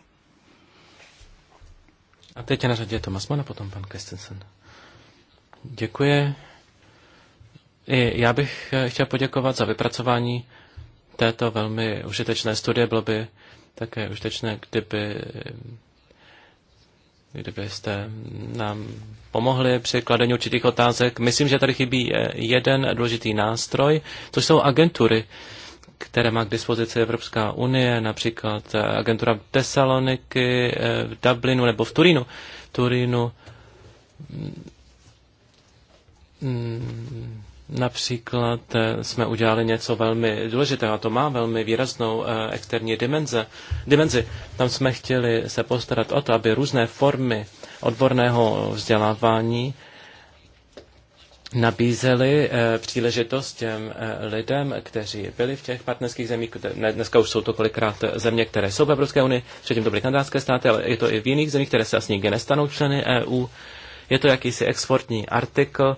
Speaker 2: A teď je na řadě Tomas Mann a potom pan Kestensen. Děkuji. I já bych eh, chtěl poděkovat za vypracování této velmi užitečné studie. Bylo by také užitečné, kdyby eh, kdybyste nám pomohli při kladení určitých otázek. Myslím, že tady chybí eh, jeden důležitý nástroj, což jsou agentury, které má k dispozici Evropská unie, například eh, agentura v Tesaloniky, eh, v Dublinu nebo v Turínu. Turínu mm, mm, Například eh, jsme udělali něco velmi důležitého, a to má velmi výraznou eh, externí dimenze, dimenzi. Tam jsme chtěli se postarat o to, aby různé formy odborného vzdělávání nabízely eh, příležitost těm lidem, kteří byli v těch partnerských zemích. Dneska už jsou to kolikrát země, které jsou v Evropské unii, předtím to byly kandidátské státy, ale je to i v jiných zemích, které se asi nikdy nestanou členy EU. Je to jakýsi exportní artikl,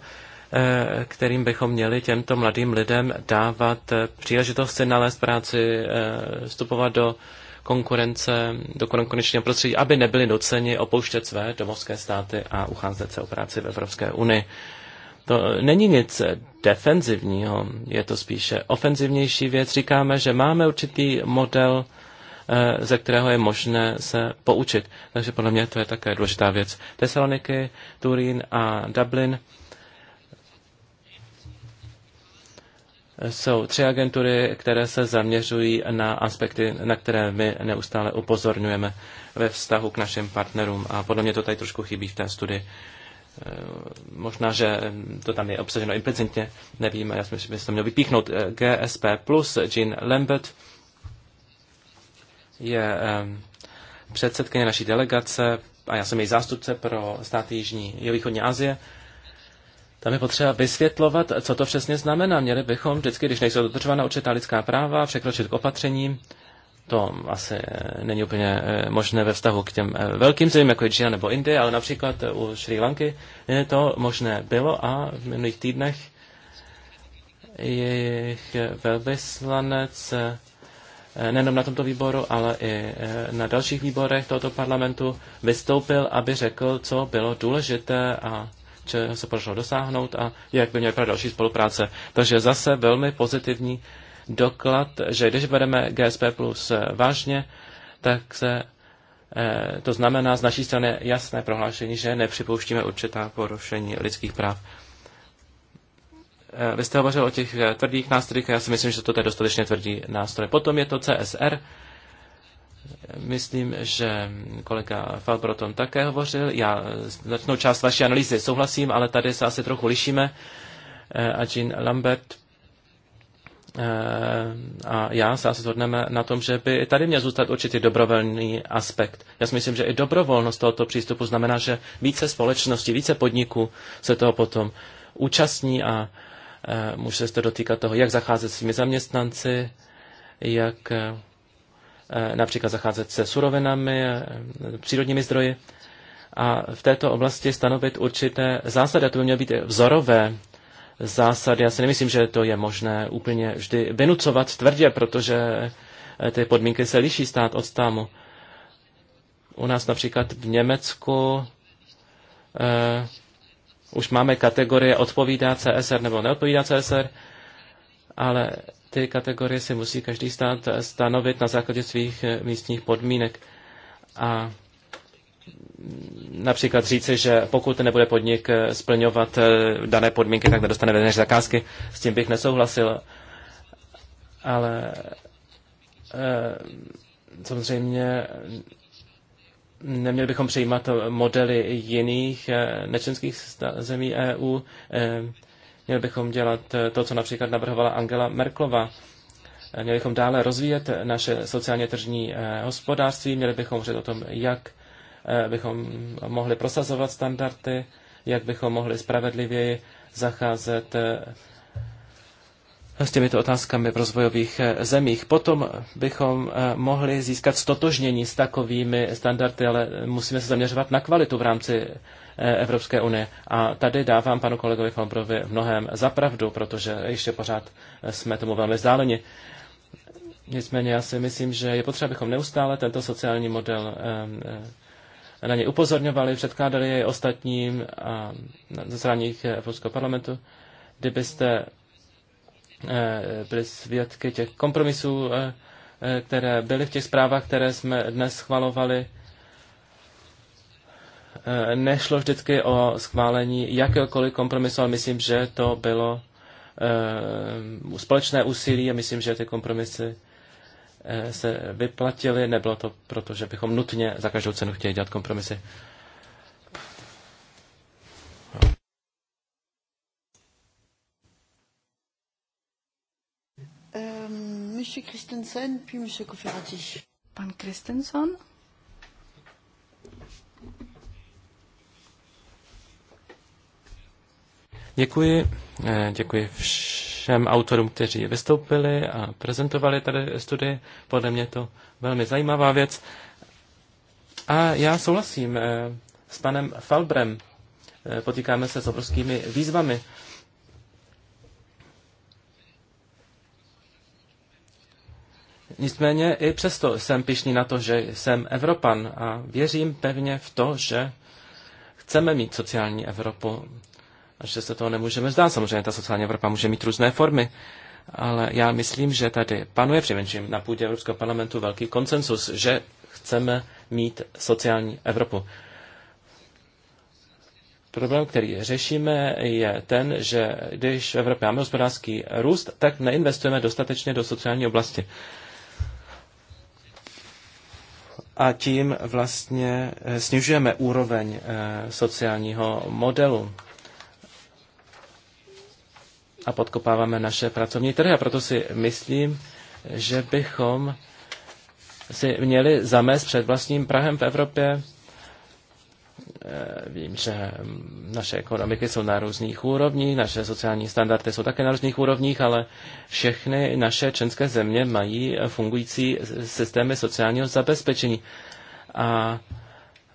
Speaker 2: Eh, kterým bychom měli těmto mladým lidem dávat eh, příležitost si nalézt práci, eh, vstupovat do konkurence, do konkurenčního prostředí, aby nebyli nuceni opouštět své domovské státy a ucházet se o práci v Evropské unii. To není nic defenzivního, je to spíše ofenzivnější věc. Říkáme, že máme určitý model, ze kterého je možné se poučit. Takže podle mě to je také důležitá věc. Tesaloniky, Turín a Dublin jsou tři agentury, které se zaměřují na aspekty, na které my neustále upozorňujeme ve vztahu k našim partnerům. A podle mě to tady trošku chybí v té studii. E, možná, že to tam je obsaženo implicitně, nevím, já si myslím, že jsem to měl vypíchnout. E, GSP plus Jean Lambert je e, předsedkyně naší delegace a já jsem její zástupce pro státy Jižní a Východní Asie. Tam je potřeba vysvětlovat, co to přesně znamená. Měli bychom vždycky, když nejsou dodržována určitá lidská práva, překročit k opatřením. To asi není úplně eh, možné ve vztahu k těm eh, velkým zemím, jako je Čína nebo Indie, ale například eh, u Sri Lanky to možné bylo a v minulých týdnech jejich velvyslanec nejenom na tomto výboru, ale i na dalších výborech tohoto parlamentu vystoupil, aby řekl, co bylo důležité a čeho se podařilo dosáhnout a jak by měly další spolupráce. Takže zase velmi pozitivní doklad, že když bereme GSP plus vážně, tak se eh, to znamená z naší strany jasné prohlášení, že nepřipouštíme určitá porušení lidských práv. Eh, vy jste hovořil o těch eh, tvrdých nástrojích, já si myslím, že toto je dostatečně tvrdý nástroj. Potom je to CSR, Myslím, že kolega Falber o tom také hovořil. Já značnou část vaší analýzy souhlasím, ale tady se asi trochu lišíme. Eh, a Jean Lambert eh, a já se asi shodneme na tom, že by tady měl zůstat určitý dobrovolný aspekt. Já si myslím, že i dobrovolnost tohoto přístupu znamená, že více společností, více podniků se toho potom účastní a eh, může se to dotýkat toho, jak zacházet s těmi zaměstnanci, jak Eh, například zacházet se surovinami, eh, přírodními zdroji a v této oblasti stanovit určité zásady. A to by mělo být vzorové zásady. Já si nemyslím, že to je možné úplně vždy vynucovat tvrdě, protože eh, ty podmínky se liší stát od stámu. U nás například v Německu eh, už máme kategorie odpovídá CSR nebo neodpovídá CSR, ale ty kategorie si musí každý stát stanovit na základě svých eh, místních podmínek. A například říci, že pokud nebude podnik eh, splňovat eh, dané podmínky, tak nedostane veřejné zakázky. S tím bych nesouhlasil. Ale samozřejmě neměli bychom přijímat modely jiných nečenských zemí EU. Měli bychom dělat eh, to, co například navrhovala Angela Merklova. Eh, měli bychom dále rozvíjet naše sociálně tržní eh, hospodářství, měli bychom říct o tom, jak bychom mohli prosazovat standardy, jak bychom mohli spravedlivěji zacházet s těmito otázkami v rozvojových zemích. Potom bychom mohli získat stotožnění s takovými standardy, ale musíme se zaměřovat na kvalitu v rámci Eh, Evropské unie. A tady dávám panu kolegovi Falbrovi mnohem zapravdu, protože ještě pořád eh, jsme tomu velmi vzdáleni. Nicméně já si myslím, že je potřeba, abychom neustále tento sociální model eh, na ně upozorňovali, předkládali jej ostatním a na Evropského parlamentu. Kdybyste byli svědky těch kompromisů, které byly v těch zprávách, které jsme dnes schvalovali, Eh, nešlo vždycky o schválení jakéhokoliv kompromisu, ale myslím, že to bylo eh, společné úsilí a myslím, že ty kompromisy eh, se vyplatily. Nebylo to proto, že bychom nutně za každou cenu chtěli dělat kompromisy.
Speaker 3: Ehm, Monsieur Monsieur Pan Christensen?
Speaker 2: Děkuji. Eh, děkuji všem autorům, kteří vystoupili a prezentovali tady studii. Podle mě to velmi zajímavá věc. A já souhlasím eh, s panem Falbrem. Eh, potýkáme se s obrovskými výzvami. Nicméně i přesto jsem pišný na to, že jsem Evropan a věřím pevně v to, že chceme mít sociální Evropu a že se toho nemůžeme zdát. Samozřejmě ta sociální Evropa může mít různé formy, ale já myslím, že tady panuje přinejmenším na půdě Evropského parlamentu velký konsensus, že chceme mít sociální Evropu. Problém, který řešíme, je ten, že když v Evropě máme hospodářský růst, tak neinvestujeme dostatečně do sociální oblasti. A tím vlastně snižujeme úroveň eh, sociálního modelu a podkopáváme naše pracovní trhy. A proto si myslím, že bychom si měli zamést před vlastním Prahem v Evropě. Eh, vím, že mm, naše ekonomiky jsou na různých úrovních, naše sociální standardy jsou také na různých úrovních, ale všechny naše členské země mají fungující systémy sociálního zabezpečení. A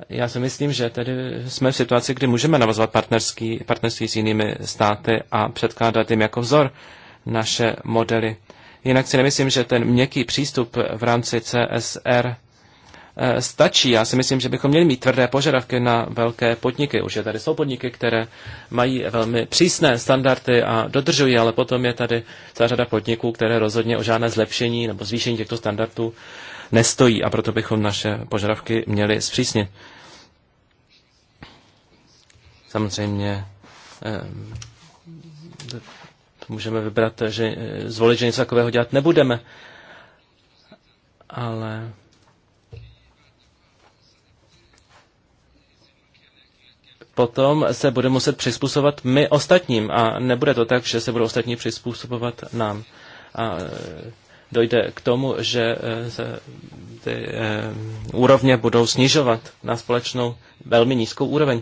Speaker 2: já si myslím, že tedy jsme v situaci, kdy můžeme navazovat partnerský, partnerství s jinými státy a předkládat jim jako vzor naše modely. Jinak si nemyslím, že ten měkký přístup v rámci CSR eh, stačí. Já si myslím, že bychom měli mít tvrdé požadavky na velké podniky. Už je tady jsou podniky, které mají velmi přísné standardy a dodržují, ale potom je tady celá řada podniků, které rozhodně o žádné zlepšení nebo zvýšení těchto standardů nestojí a proto bychom naše požadavky měli zpřísnit. Samozřejmě eh, můžeme vybrat, že eh, zvolit, že něco takového dělat nebudeme. Ale potom se bude muset přizpůsobovat my ostatním a nebude to tak, že se budou ostatní přizpůsobovat nám. A eh, dojde k tomu, že eh, se ty eh, úrovně budou snižovat na společnou velmi nízkou úroveň.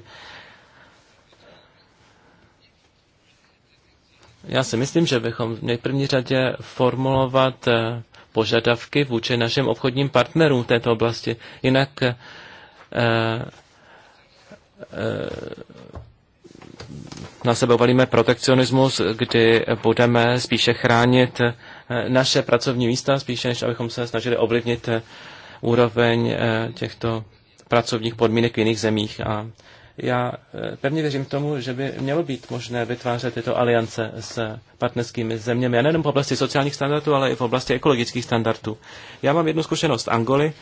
Speaker 2: Já si myslím, že bychom v nejprvní řadě formulovat eh, požadavky vůči našim obchodním partnerům v této oblasti. Jinak na sebe valíme protekcionismus, kdy budeme spíše chránit naše pracovní místa, spíše než abychom se snažili ovlivnit eh, úroveň eh, těchto pracovních podmínek v jiných zemích. A já eh, pevně věřím tomu, že by mělo být možné vytvářet tyto aliance s partnerskými zeměmi, a nejenom v oblasti sociálních standardů, ale i v oblasti ekologických standardů. Já mám jednu zkušenost z Angoly,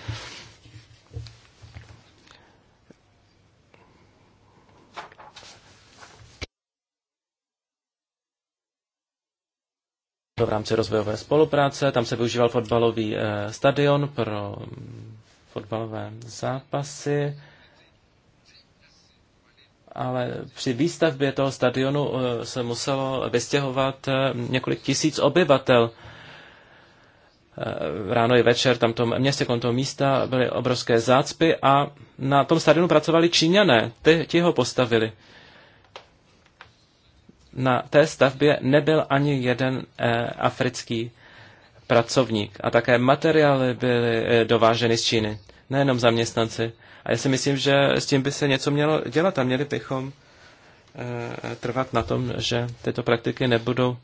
Speaker 2: v rámci rozvojové spolupráce. Tam se využíval fotbalový eh, stadion pro mm, fotbalové zápasy. Ale při výstavbě toho stadionu eh, se muselo vystěhovat eh, několik tisíc obyvatel. Ráno i večer tam tom městě kolem toho místa byly obrovské zácpy a na tom stadionu pracovali Číňané. Ty, ti ho postavili na té stavbě nebyl ani jeden eh, africký pracovník. A také materiály byly eh, dováženy z Číny, nejenom zaměstnanci. A já si myslím, že s tím by se něco mělo dělat a měli bychom eh, trvat na tom, že tyto praktiky nebudou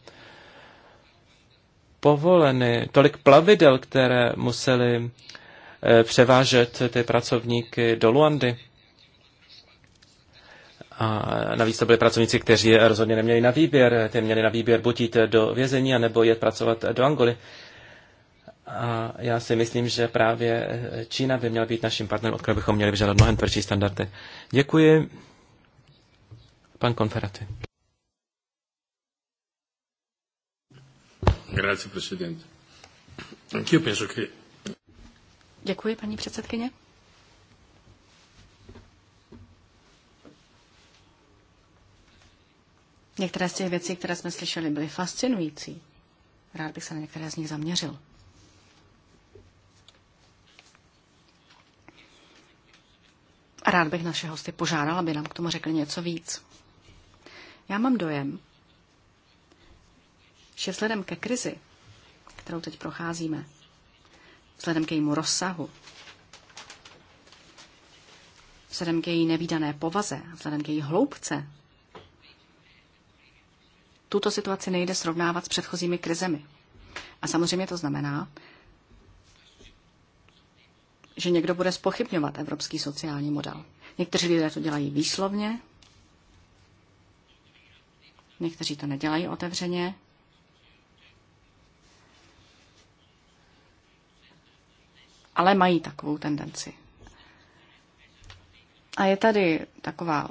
Speaker 2: povoleny. Tolik plavidel, které museli převážet ty pracovníky do Luandy. A navíc to byli pracovníci, kteří rozhodně neměli na výběr. Ty měli na výběr buď jít do vězení, nebo jet pracovat do Angoly. A já si myslím, že právě Čína by měla být naším partnerem, od kterého bychom měli vyžádat mnohem tvrdší standardy. Děkuji. Pan Konferaty. Grazie, Presidente. penso che...
Speaker 3: Děkuji, paní předsedkyně. Některé z těch věcí, které jsme slyšeli, byly fascinující. Rád bych se na některé z nich zaměřil. A rád bych naše hosty požádal, aby nám k tomu řekli něco víc. Já mám dojem, že vzhledem ke krizi, kterou teď procházíme, vzhledem k jejímu rozsahu, vzhledem k její nevýdané povaze, vzhledem k její hloubce, tuto situaci nejde srovnávat s předchozími krizemi. A samozřejmě to znamená, že někdo bude spochybňovat evropský sociální model. Někteří lidé to dělají výslovně, někteří to nedělají otevřeně. Ale mají takovou tendenci. A je tady taková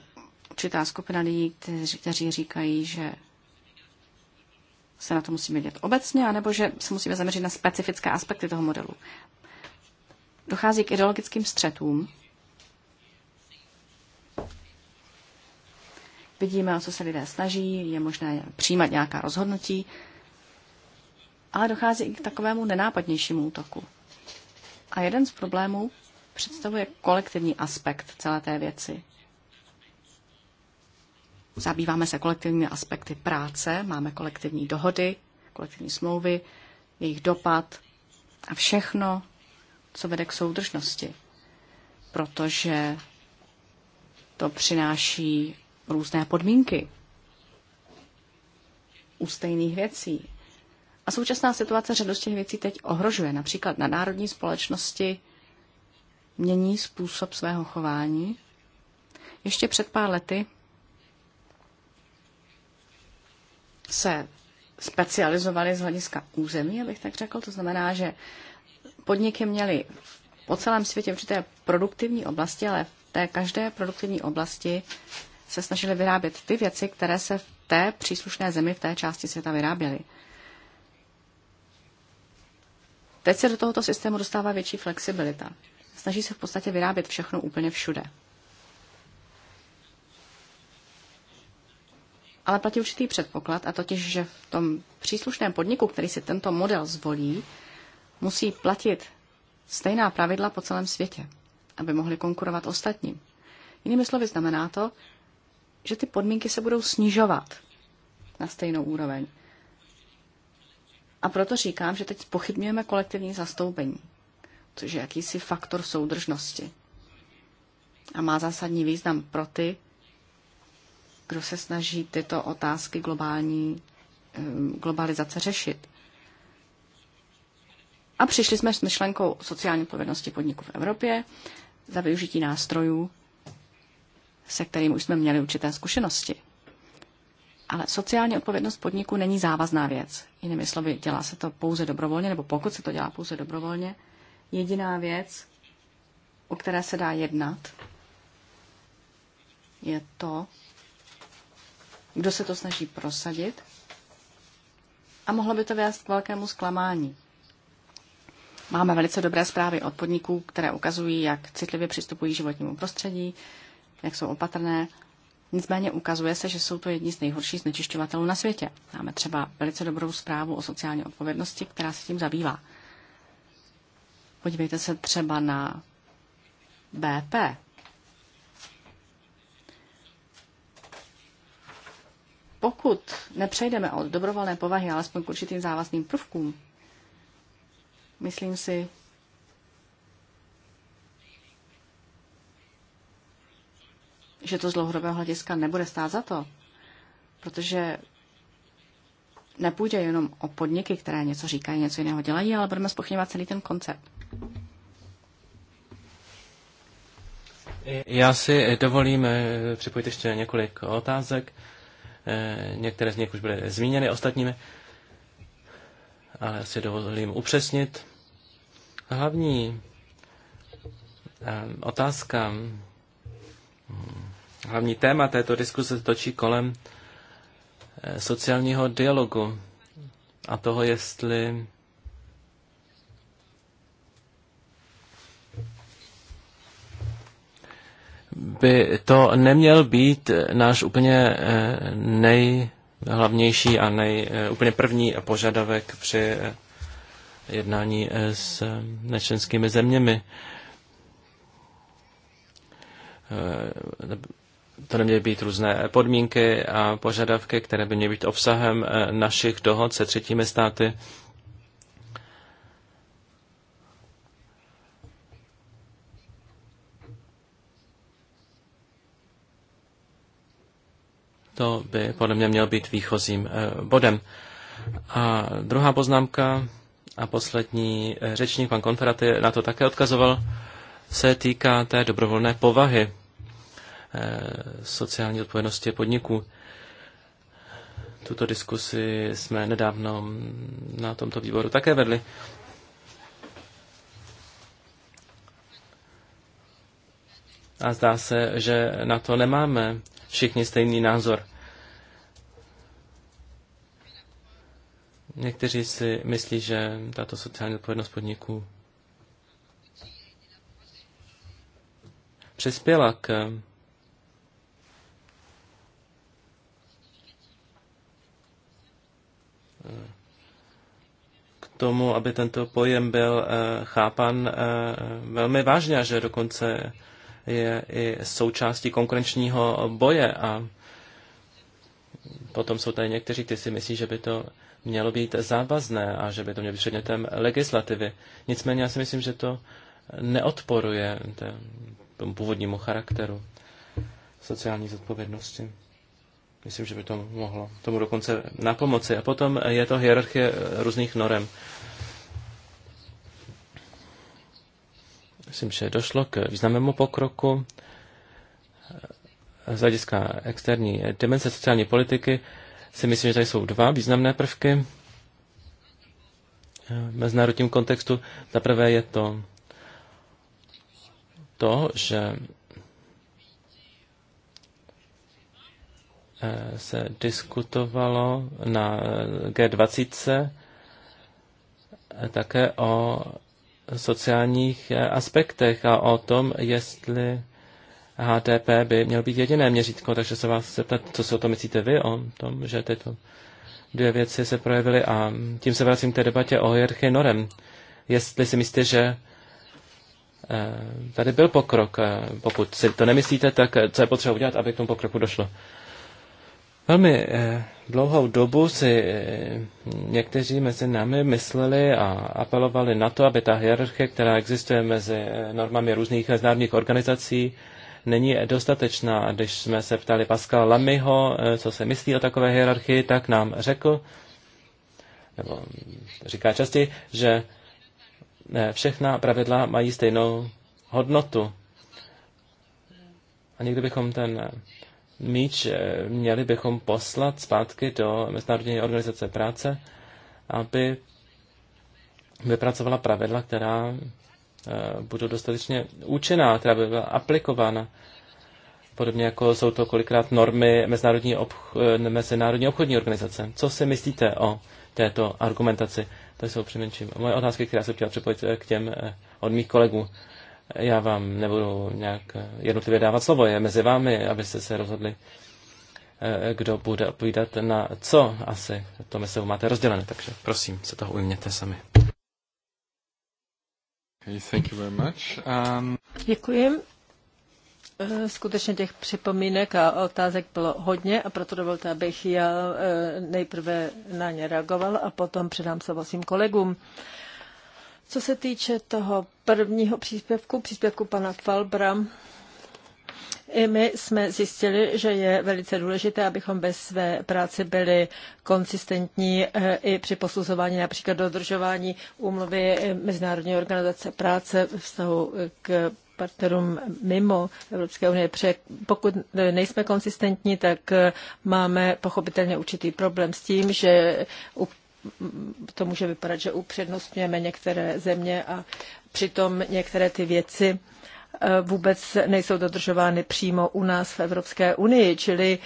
Speaker 3: určitá skupina lidí, kteří, kteří říkají, že se na to musíme dělat obecně, anebo že se musíme zaměřit na specifické aspekty toho modelu. Dochází k ideologickým střetům. Vidíme, o co se lidé snaží, je možné přijímat nějaká rozhodnutí, ale dochází i k takovému nenápadnějšímu útoku. A jeden z problémů představuje kolektivní aspekt celé té věci. Zabýváme se kolektivními aspekty práce, máme kolektivní dohody, kolektivní smlouvy, jejich dopad a všechno, co vede k soudržnosti, protože to přináší různé podmínky u stejných věcí. A současná situace řadu z těch věcí teď ohrožuje. Například na národní společnosti mění způsob svého chování. Ještě před pár lety se specializovali z hlediska území, abych tak řekl. To znamená, že podniky měly po celém světě určité produktivní oblasti, ale v té každé produktivní oblasti se snažili vyrábět ty věci, které se v té příslušné zemi, v té části světa vyráběly. Teď se do tohoto systému dostává větší flexibilita. Snaží se v podstatě vyrábět všechno úplně všude. ale platí určitý předpoklad, a totiž, že v tom příslušném podniku, který si tento model zvolí, musí platit stejná pravidla po celém světě, aby mohli konkurovat ostatním. Jinými slovy znamená to, že ty podmínky se budou snižovat na stejnou úroveň. A proto říkám, že teď pochybňujeme kolektivní zastoupení, což je jakýsi faktor soudržnosti. A má zásadní význam pro ty, kdo se snaží tyto otázky globální, globalizace řešit. A přišli jsme s myšlenkou sociální odpovědnosti podniků v Evropě za využití nástrojů, se kterým už jsme měli určité zkušenosti. Ale sociální odpovědnost podniku není závazná věc. Jinými slovy, dělá se to pouze dobrovolně, nebo pokud se to dělá pouze dobrovolně, jediná věc, o které se dá jednat, je to, kdo se to snaží prosadit a mohlo by to vést k velkému zklamání. Máme velice dobré zprávy od podniků, které ukazují, jak citlivě přistupují životnímu prostředí, jak jsou opatrné. Nicméně ukazuje se, že jsou to jedni z nejhorších znečišťovatelů na světě. Máme třeba velice dobrou zprávu o sociální odpovědnosti, která se tím zabývá. Podívejte se třeba na BP, pokud nepřejdeme od dobrovolné povahy alespoň k určitým závazným prvkům, myslím si, že to z dlouhodobého hlediska nebude stát za to, protože nepůjde jenom o podniky, které něco říkají, něco jiného dělají, ale budeme spochybňovat celý ten koncept.
Speaker 2: Já si dovolím eh, připojit ještě několik otázek. Eh, některé z nich už byly zmíněny ostatními, ale si dovolím upřesnit. Hlavní eh, otázka, hm, hlavní téma této diskuse točí kolem eh, sociálního dialogu a toho, jestli by to neměl být náš úplně eh, nejhlavnější a nej, eh, úplně první požadavek při eh, jednání s nečlenskými zeměmi. To neměly být různé podmínky a požadavky, které by měly být obsahem našich dohod se třetími státy. To by podle mě měl být výchozím eh, bodem. A druhá poznámka a poslední eh, řečník, pan Konferaty, na to také odkazoval, se týká té dobrovolné povahy eh, sociální odpovědnosti podniků. Tuto diskusi jsme nedávno na tomto výboru také vedli. A zdá se, že na to nemáme všichni stejný názor. Někteří si myslí, že tato sociální odpovědnost podniků přispěla k k tomu, aby tento pojem byl eh, chápan eh, velmi vážně, že dokonce je i součástí konkurenčního boje a potom jsou tady někteří, kteří si myslí, že by to mělo být závazné a že by to mělo být předmětem legislativy. Nicméně já si myslím, že to neodporuje tomu původnímu charakteru sociální zodpovědnosti. Myslím, že by to mohlo tomu dokonce napomoci. A potom je to hierarchie různých norem. Myslím, že došlo k významnému pokroku eh, z hlediska externí dimenze sociální politiky. Si myslím, že tady jsou dva významné prvky v mezinárodním kontextu. Za prvé je to to, že eh, se diskutovalo na eh, G20 také o sociálních eh, aspektech a o tom, jestli HDP by měl být jediné měřítko. Takže se vás zeptat, co si o tom myslíte vy, o tom, že tyto dvě věci se projevily. A tím se vracím k té debatě o hierarchii norem. Jestli si myslíte, že eh, tady byl pokrok. Eh, pokud si to nemyslíte, tak co je potřeba udělat, aby k tomu pokroku došlo? Velmi eh, dlouhou dobu si eh, někteří mezi námi mysleli a apelovali na to, aby ta hierarchie, která existuje mezi eh, normami různých mezinárodních organizací, není dostatečná. Když jsme se ptali Pascala Lamyho, co se myslí o takové hierarchii, tak nám řekl, nebo říká častěji, že všechna pravidla mají stejnou hodnotu. A někdy bychom ten míč eh, měli bychom poslat zpátky do Mezinárodní organizace práce, aby vypracovala pravidla, která eh, budou dostatečně účinná, která by byla aplikována. Podobně jako jsou to kolikrát normy Mezinárodní, obch- eh, Mezinárodní obchodní organizace. Co si myslíte o této argumentaci? To jsou přinejmenším moje otázky, která jsem chtěla připojit k těm od mých kolegů. Já vám nebudu nějak jednotlivě dávat slovo, je mezi vámi, abyste se rozhodli, eh, kdo bude odpovídat na co asi. To my se máte rozdělené, takže prosím, se toho ujměte sami.
Speaker 4: Okay, thank you very much. Um...
Speaker 1: Děkuji. Eh, skutečně těch připomínek a otázek bylo hodně a proto dovolte, abych já eh, nejprve na ně reagoval a potom předám slovo svým kolegům. Uh, co se týče toho prvního příspěvku, příspěvku pana Falbra, i my jsme zjistili, že je velice důležité, abychom ve své práci byli konsistentní eh, i při posuzování například dodržování úmluvy Mezinárodní organizace práce ve vztahu k partnerům mimo Evropské unie. Protože pokud nejsme konsistentní, tak eh, máme pochopitelně určitý problém s tím, že to může vypadat, že upřednostňujeme některé země a přitom některé ty věci eh, vůbec nejsou dodržovány přímo u nás v Evropské unii, čili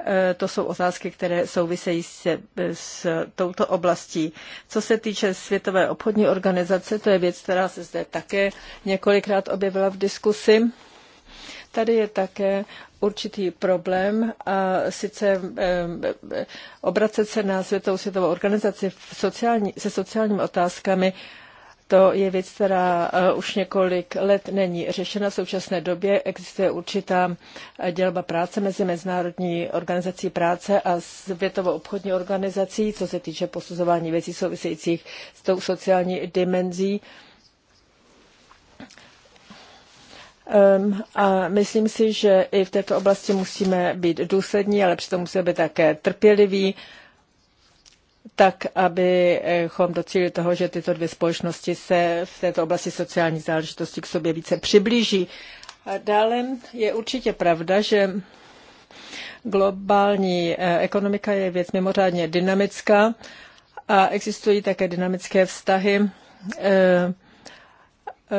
Speaker 1: eh, to jsou otázky, které souvisejí se, s touto oblastí. Co se týče Světové obchodní organizace, to je věc, která se zde také několikrát objevila v diskusi. Tady je také určitý problém a sice obracet se na Světovou světovou organizaci sociální, se sociálními otázkami, to je věc, která e, už několik let není řešena. V současné době existuje určitá e, dělba práce mezi Mezinárodní organizací práce a Světovou obchodní organizací, co se týče posuzování věcí souvisejících s tou sociální dimenzí. Ehm, a myslím si, že i v této oblasti musíme být důslední, ale přitom musíme být také trpěliví, tak abychom docílili toho, že tyto dvě společnosti se v této oblasti sociální záležitosti k sobě více přiblíží. A dále je určitě pravda, že globální eh, ekonomika je věc mimořádně dynamická a existují také dynamické vztahy eh, Eh,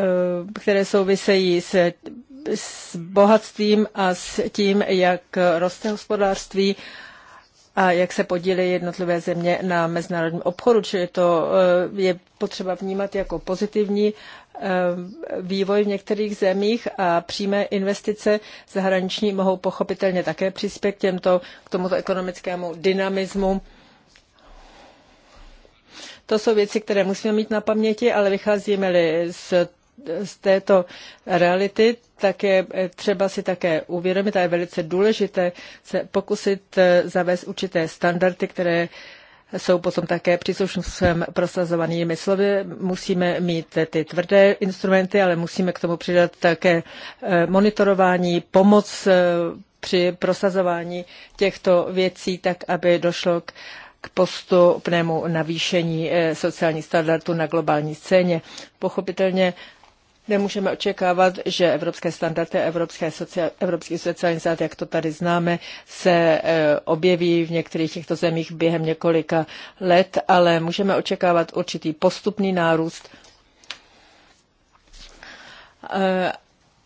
Speaker 1: které souvisejí s, s bohatstvím a s tím, jak roste hospodářství a jak se podílejí jednotlivé země na mezinárodním obchodu, čili to eh, je potřeba vnímat jako pozitivní eh, vývoj v některých zemích a přímé investice zahraniční mohou pochopitelně také přispět k, těmto, k tomuto ekonomickému dynamismu. To jsou věci, které musíme mít na paměti, ale vycházíme-li z z této reality, tak je eh, třeba si také uvědomit a je velice důležité se pokusit eh, zavést určité standardy, které jsou potom také příslušným prosazovanými slovy. Musíme mít ty tvrdé instrumenty, ale musíme k tomu přidat také eh, monitorování, pomoc při prosazování těchto věcí, tak aby došlo k k postupnému navýšení sociálních standardů na globální scéně. Pochopitelně Nemůžeme očekávat, že evropské standardy, evropské socia, evropský sociální stát, jak to tady známe, se e, objeví v některých těchto zemích během několika let, ale můžeme očekávat určitý postupný nárůst e,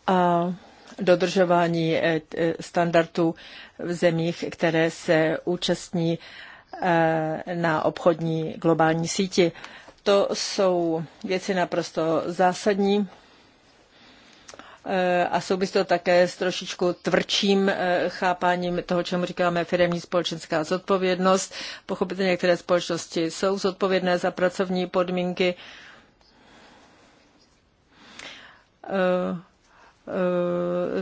Speaker 1: a dodržování e, standardů v zemích, které se účastní na obchodní globální síti. To jsou věci naprosto zásadní Eh, a souvisí to také s trošičku tvrdším eh, chápáním toho, čemu říkáme firemní společenská zodpovědnost. Pochopitelně některé společnosti jsou zodpovědné za pracovní podmínky. Eh,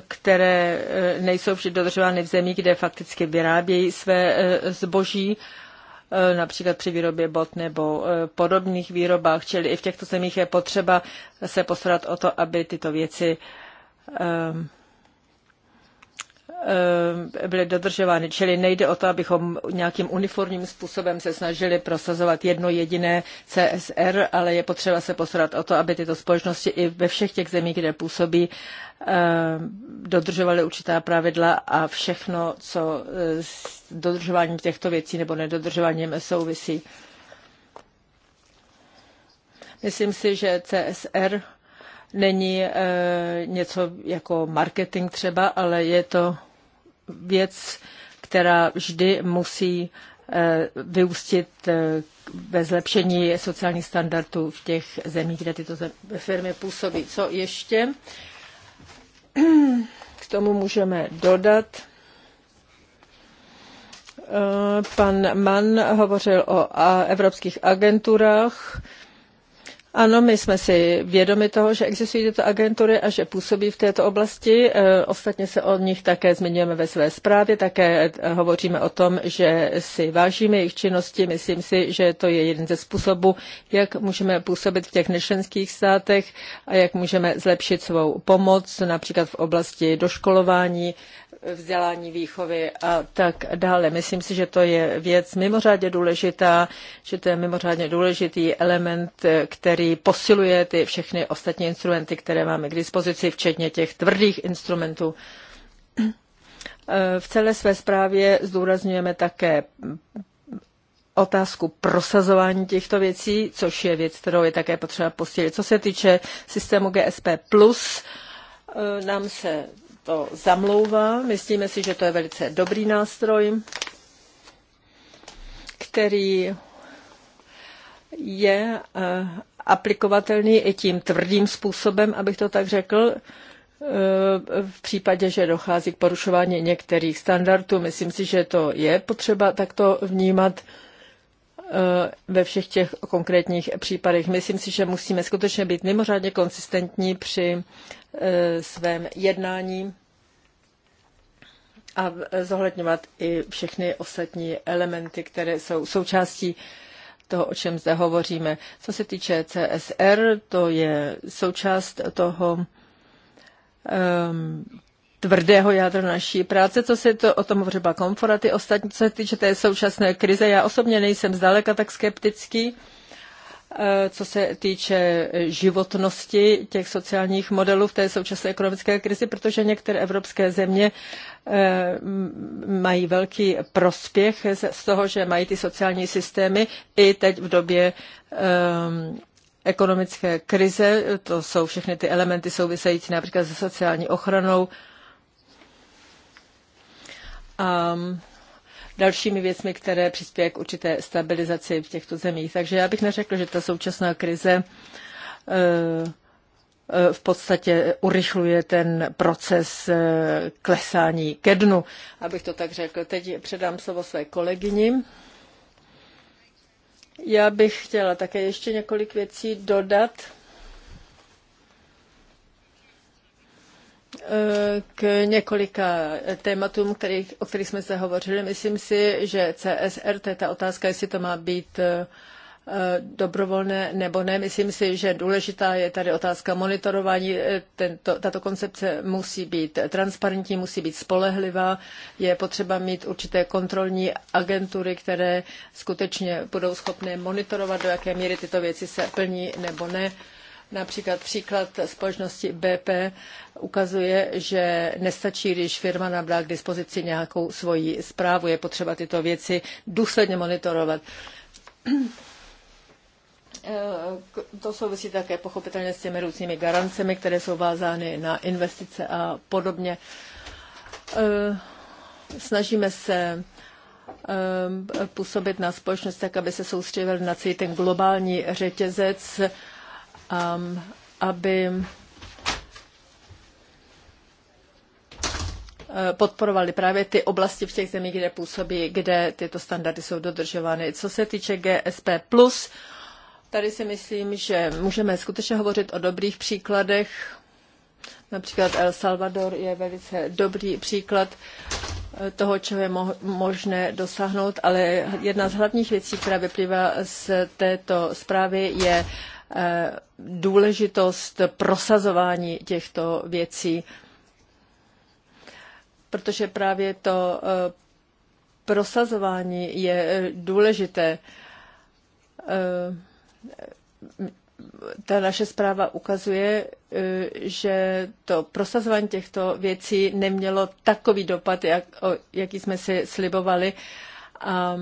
Speaker 1: které nejsou vždy dodržovány v zemích, kde fakticky vyrábějí své zboží například při výrobě bot nebo podobných výrobách, čili i v těchto zemích je potřeba se postarat o to, aby tyto věci Ehm, ehm, byly dodržovány. Čili nejde o to, abychom nějakým uniformním způsobem se snažili prosazovat jedno jediné CSR, ale je potřeba se postarat o to, aby tyto společnosti i ve všech těch zemích, kde působí, ehm, dodržovaly určitá pravidla a všechno, co eh, s dodržováním těchto věcí nebo nedodržováním souvisí. Myslím si, že CSR není eh, něco jako marketing třeba, ale je to věc, která vždy musí eh, vyústit eh, ve zlepšení sociálních standardů v těch zemích, kde tyto firmy působí. Co ještě k tomu můžeme dodat? Pan Mann hovořil o evropských agenturách. Ano, my jsme si vědomi toho, že existují tyto agentury a že působí v této oblasti. E, ostatně se o nich také zmiňujeme ve své zprávě, také e, hovoříme o tom, že si vážíme jejich činnosti. Myslím si, že to je jeden ze způsobů, jak můžeme působit v těch nešlenských státech a jak můžeme zlepšit svou pomoc, například v oblasti doškolování vzdělání, výchovy a tak dále. Myslím si, že to je věc mimořádně důležitá, že to je mimořádně důležitý element, který posiluje ty všechny ostatní instrumenty, které máme k dispozici, včetně těch tvrdých instrumentů. V celé své zprávě zdůrazňujeme také otázku prosazování těchto věcí, což je věc, kterou je také potřeba posílit. Co se týče systému GSP+, eh, nám se to zamlouvá. Myslíme si, že to je velice dobrý nástroj, který je eh, aplikovatelný i tím tvrdým způsobem, abych to tak řekl, eh, v případě, že dochází k porušování některých standardů. Myslím si, že to je potřeba takto vnímat. Eh, ve všech těch konkrétních případech. Myslím si, že musíme skutečně být mimořádně konsistentní při eh, svém jednání a eh, zohledňovat i všechny ostatní elementy, které jsou součástí toho, o čem zde hovoříme. Co se týče CSR, to je součást toho ehm, tvrdého jádra naší práce, co se to o tom třeba ty Ostatní, co se týče té současné krize, já osobně nejsem zdaleka tak skeptický, eh, co se týče životnosti těch sociálních modelů v té současné ekonomické krizi, protože některé evropské země eh, mají velký prospěch z toho, že mají ty sociální systémy i teď v době eh, ekonomické krize, to jsou všechny ty elementy související například se sociální ochranou, a um, dalšími věcmi, které přispějí k určité stabilizaci v těchto zemích. Takže já bych neřekl, že ta současná krize uh, uh, v podstatě urychluje ten proces uh, klesání ke dnu, abych to tak řekl. Teď předám slovo své kolegyni. Já bych chtěla také ještě několik věcí dodat. k několika tématům, kterých, o kterých jsme se hovořili. Myslím si, že CSR, to je ta otázka, jestli to má být eh, dobrovolné nebo ne. Myslím si, že důležitá je tady otázka monitorování. Eh, tento, tato koncepce musí být transparentní, musí být spolehlivá. Je potřeba mít určité kontrolní agentury, které skutečně budou schopné monitorovat, do jaké míry tyto věci se plní nebo ne. Uh, Například příklad společnosti BP ukazuje, že nestačí, když firma nabrá k dispozici nějakou svoji zprávu. Je potřeba tyto věci důsledně monitorovat. Eh, to souvisí také pochopitelně s těmi různými garancemi, které jsou vázány na investice a podobně. Eh, snažíme se eh, působit na společnost tak, aby se soustředil na celý ten globální řetězec um, aby eh, podporovali právě ty oblasti v těch zemích, kde působí, kde tyto standardy jsou dodržovány. Co se týče GSP+, tady si myslím, že můžeme skutečně hovořit o dobrých příkladech. Například El Salvador je velice dobrý příklad eh, toho, čeho je možné dosáhnout, ale jedna z hlavních věcí, která vyplývá z této zprávy, je důležitost prosazování těchto věcí, protože právě to eh, prosazování je eh, důležité. Eh, ta naše zpráva ukazuje, že to prosazování těchto věcí nemělo takový dopad, jak, jaký jsme si slibovali. A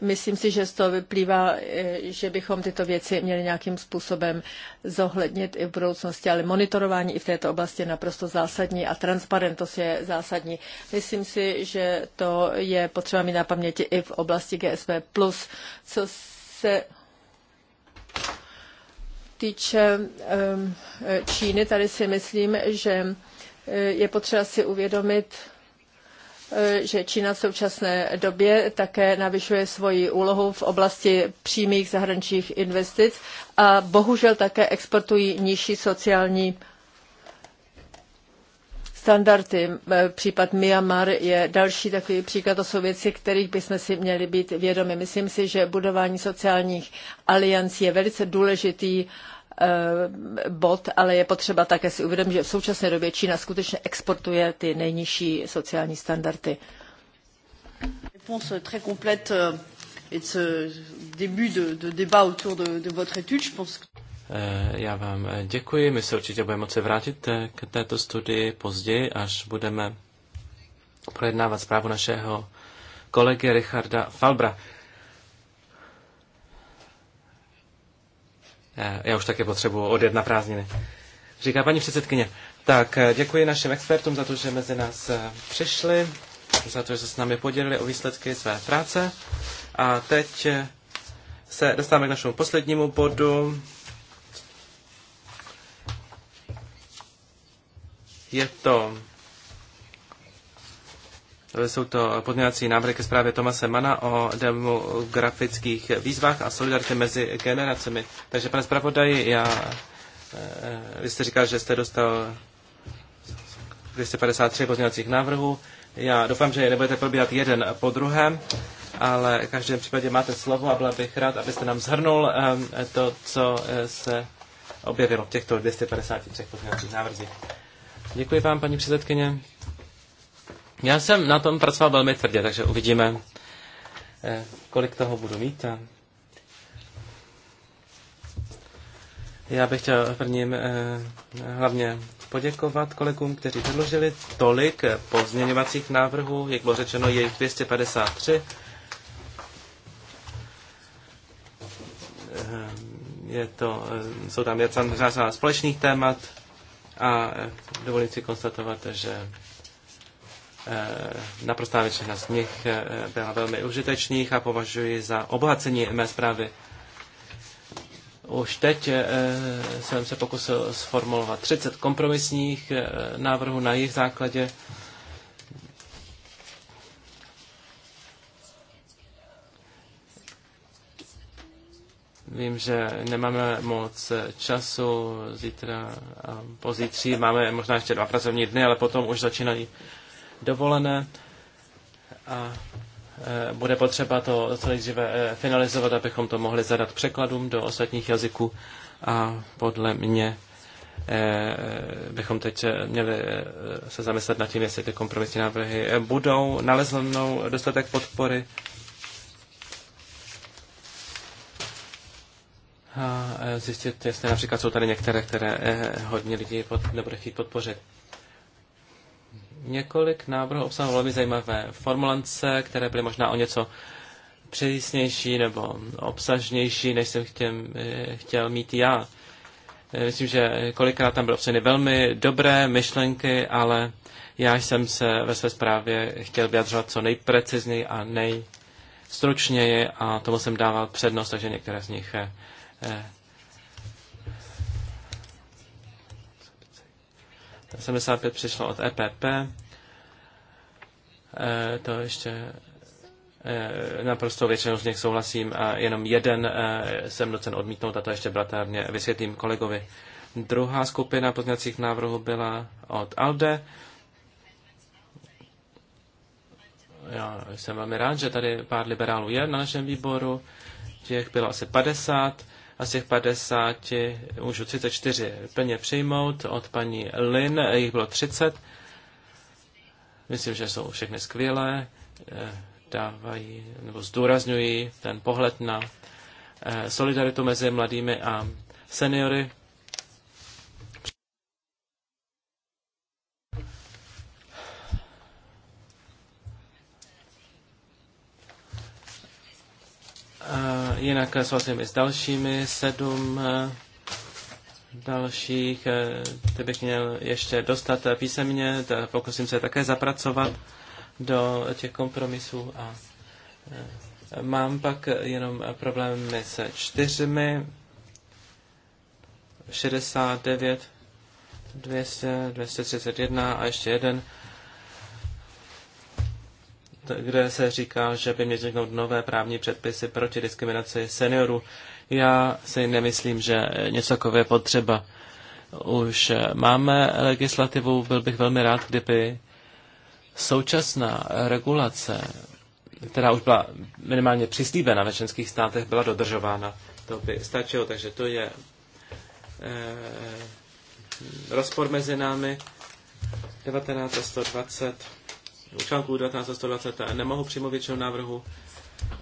Speaker 1: Myslím si, že z toho vyplývá, e, že bychom tyto věci měli nějakým způsobem zohlednit i v budoucnosti, ale monitorování i v této oblasti je naprosto zásadní a transparentnost je zásadní. Myslím si, že to je potřeba mít na paměti i v oblasti GSV+. Co se týče Číny, tady si myslím, že e, je potřeba si uvědomit, Eh, že Čína v současné době také navyšuje svoji úlohu v oblasti přímých zahraničních investic a bohužel také exportují nižší sociální standardy. Eh, případ Myanmar je další takový příklad. To jsou věci, kterých bychom si měli být vědomi. Myslím si, že budování sociálních aliancí je velice důležitý Eh, bod, ale je potřeba také si uvědomit, že v současné době Čína skutečně exportuje ty nejnižší sociální standardy. Eh,
Speaker 2: eh, já vám děkuji. My se určitě budeme moci vrátit k této studii později, až budeme projednávat zprávu našeho kolegy Richarda Falbra. Eh, já už také potřebuji odjet na prázdniny. Říká paní předsedkyně. Tak, eh, děkuji našim expertům za to, že mezi nás eh, přišli, za to, že se s námi podělili o výsledky své práce. A teď se dostáváme k našemu poslednímu bodu. Je to Eh, jsou to podněvací návrhy ke zprávě Tomase Mana o demografických výzvách a solidaritě mezi generacemi. Takže, pane zpravodaji, já, eh, vy jste říkal, že jste dostal 253 pozměňovacích návrhů. Já doufám, že je nebudete probírat jeden po druhém, ale v každém případě máte slovo a byla bych rád, abyste nám zhrnul eh, to, co se objevilo v těchto 253 pozměňovacích návrzích. Děkuji vám, paní předsedkyně. Já jsem na tom pracoval velmi tvrdě, takže uvidíme, eh, kolik toho budu mít. Já bych chtěl v prvním eh, hlavně poděkovat kolegům, kteří předložili tolik pozměňovacích návrhů, jak bylo řečeno, je jich 253. Eh, je to, jsou tam věc společných témat a dovolím si konstatovat, že Eh, naprostá většina z nich eh, byla velmi užitečných a považuji za obohacení mé zprávy. Už teď eh, jsem se pokusil sformulovat 30 kompromisních návrhů na jejich základě. Vím, že nemáme moc času zítra a pozítří. Máme možná ještě dva pracovní dny, ale potom už začínají dovolené a eh, bude potřeba to co nejdříve eh, finalizovat, abychom to mohli zadat překladům do ostatních jazyků a podle mě eh, bychom teď měli se zamyslet nad tím, jestli ty kompromisní návrhy budou naleznou dostatek podpory. A zjistit, jestli například jsou tady některé, které hodně lidí pod, nebude chtít podpořit. Několik návrhů obsahovalo velmi zajímavé formulance, které byly možná o něco přísnější nebo obsažnější, než jsem chtěl, eh, chtěl mít já. Eh, myslím, že kolikrát tam byly obsaženy velmi dobré myšlenky, ale já jsem se ve své zprávě chtěl vyjadřovat co nejprecizněji a nejstručněji a tomu jsem dával přednost, takže některé z nich eh, 75 přišlo od EPP. E, to ještě e, naprosto většinou z nich souhlasím a jenom jeden e, jsem docen odmítnout a to ještě bratárně vysvětlím kolegovi. Druhá skupina pozměňovacích návrhů byla od ALDE. Já jsem velmi rád, že tady pár liberálů je na našem výboru. Těch bylo asi 50 a z těch 50 můžu 34 plně přijmout, od paní Lin jich bylo 30. Myslím, že jsou všechny skvělé, eh, dávají nebo zdůrazňují ten pohled na eh, solidaritu mezi mladými a seniory. A jinak souhlasím i s dalšími sedm eh, dalších, eh, ty bych měl ještě dostat písemně, pokusím se také zapracovat do těch kompromisů a eh, mám pak jenom problémy se čtyřmi, 69, 200, 231 a ještě jeden kde se říká, že by měly vzniknout nové právní předpisy proti diskriminaci seniorů. Já si nemyslím, že něco takové je potřeba. Už máme legislativu, byl bych velmi rád, kdyby současná regulace, která už byla minimálně přislíbena ve členských státech, byla dodržována. To by stačilo, takže to je eh, rozpor mezi námi 19 a 120 u článku 19 a 120 nemohu přijmout většinu návrhu,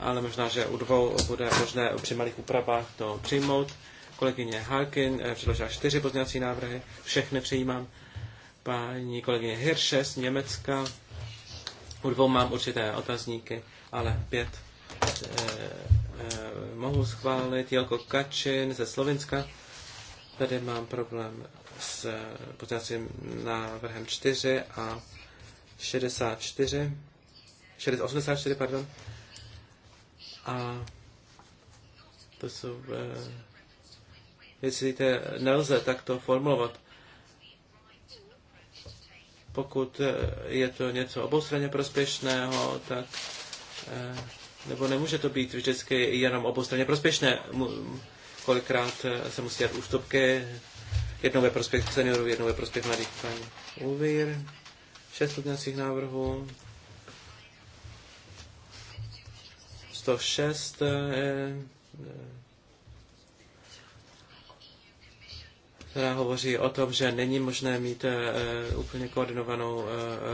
Speaker 2: ale možná, že u dvou bude možné při malých úpravách to přijmout. Kolegyně Harkin eh, předložila čtyři pozměňovací návrhy, všechny přijímám. Paní kolegyně Hirše z Německa, u dvou mám určité otazníky, ale pět e, e, mohu schválit. Jelko Kačin ze Slovenska, tady mám problém s pozměňovacím návrhem čtyři a 64, 84, pardon. A to jsou věci, eh, které nelze takto formulovat. Pokud eh, je to něco oboustranně prospěšného, tak eh, nebo nemůže to být vždycky jenom oboustranně prospěšné. Kolikrát se musí dělat ústupky, jednou ve prospěch seniorů, jednou ve prospěch mladých paní. Uvěr. Šest pozměňovacích návrhů. 106 eh, eh, která hovoří o tom, že není možné mít eh, úplně koordinovanou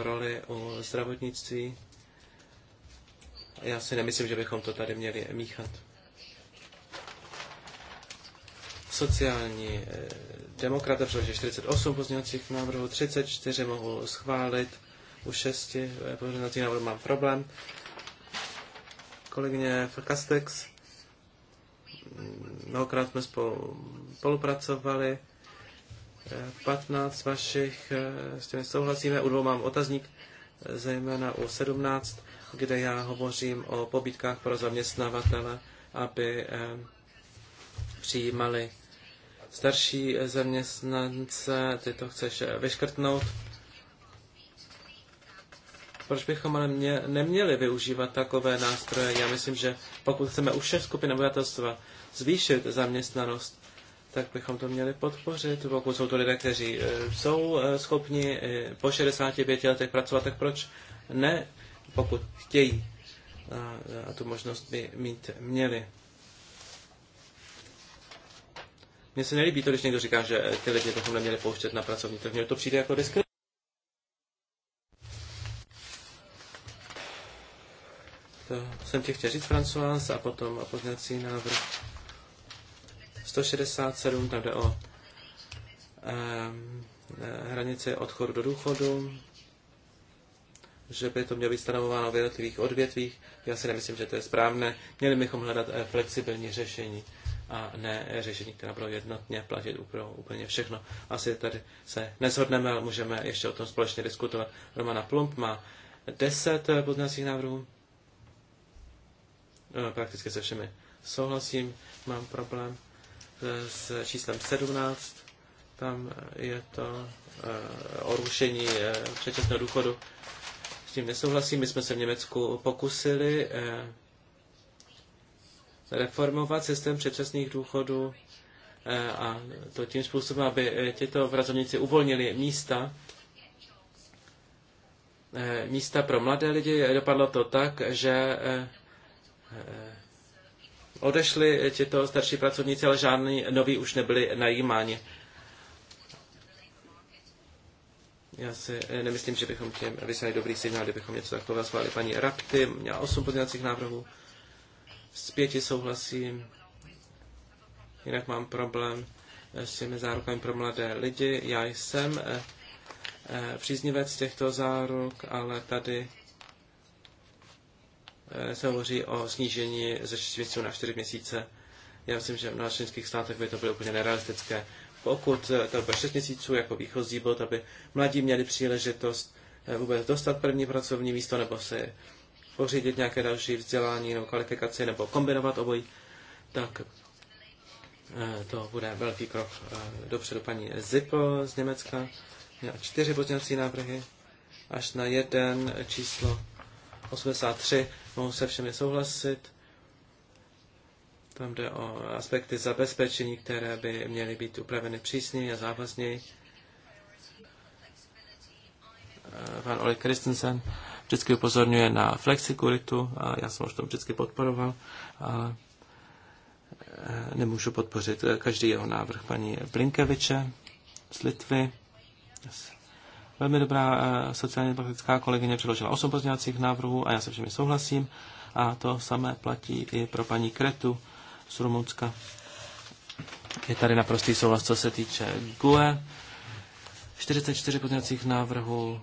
Speaker 2: roli u zdravotnictví. Já si nemyslím, že bychom to tady měli míchat. Sociální demokrata předložil 48 pozměňovacích návrhů, 34 mohu schválit, u 6 eh, pozměňovacích návrhů mám problém. Kolegyně Fakastex, mm, mnohokrát jsme spolupracovali, 15 eh, vašich, eh, s těmi souhlasíme, u dvou mám otazník, zejména u 17, kde já hovořím o pobítkách pro zaměstnavatele, aby přijímali starší zaměstnance, ty to chceš eh, vyškrtnout. Proč bychom ale mě, neměli využívat takové nástroje? Já myslím, že pokud chceme u všech skupin obyvatelstva zvýšit zaměstnanost, tak bychom to měli podpořit. Pokud jsou to lidé, kteří eh, jsou eh, schopni po 65 letech pracovat, tak proč ne, pokud chtějí a, tu možnost by mít měli. Mně se nelíbí to, když někdo říká, že ty lidi bychom neměli pouštět na pracovní trh. Mně to přijde jako diskriminace. To jsem ti chtěl říct, Francois, a potom a poznací návrh 167, tam jde o um, eh, hranici odchodu do důchodu, že by to mělo být stanovováno v jednotlivých odvětvích. Já si nemyslím, že to je správné. Měli bychom hledat eh, flexibilní řešení a ne řešení, která budou jednotně platit pro úplně všechno. Asi tady se neshodneme, ale můžeme ještě o tom společně diskutovat. Romana Plump má 10 poznacích návrhů. E, prakticky se všemi souhlasím, mám problém e, s číslem 17. Tam je to e, o rušení předčasného důchodu. S tím nesouhlasím. My jsme se v Německu pokusili reformovat systém předčasných důchodů eh, a to tím způsobem, aby eh, těto pracovníci uvolnili místa, eh, místa pro mladé lidi. Dopadlo to tak, že odešli těto starší pracovníci, ale žádný noví už nebyli najímáni. Já si nemyslím, že bychom těm vyslali dobrý signál, kdybychom něco takového schválili. Paní Rapty měla osm pozměňovacích návrhů. S pěti souhlasím, jinak mám problém eh, s těmi zárukami pro mladé lidi. Já jsem eh, eh, příznivec těchto záruk, ale tady se hovoří o snížení ze 6 měsíců na 4 měsíce. Já myslím, že v našich státech by to bylo úplně nerealistické. Pokud to bude 6 měsíců jako výchozí bod, aby mladí měli příležitost vůbec dostat první pracovní místo nebo si pořídit nějaké další vzdělání nebo kvalifikaci nebo kombinovat obojí, tak eh, to bude velký krok eh, dopředu. Paní Zippo z Německa měla čtyři pozdělací návrhy, až na jeden číslo 83. Mohu se všemi souhlasit. Tam jde o aspekty zabezpečení, které by měly být upraveny přísněji a závazněji. Van eh, Oli Christensen vždycky upozorňuje na flexikuritu a já jsem už to vždycky podporoval, ale eh, nemůžu podpořit eh, každý jeho návrh. Paní Blinkeviče z Litvy, velmi dobrá eh, sociálně praktická kolegyně předložila osm pozměňovacích návrhů a já se všemi souhlasím. A to samé platí i pro paní Kretu z Rumunska. Je tady naprostý souhlas, co se týče GUE. 44 pozměňovacích návrhů,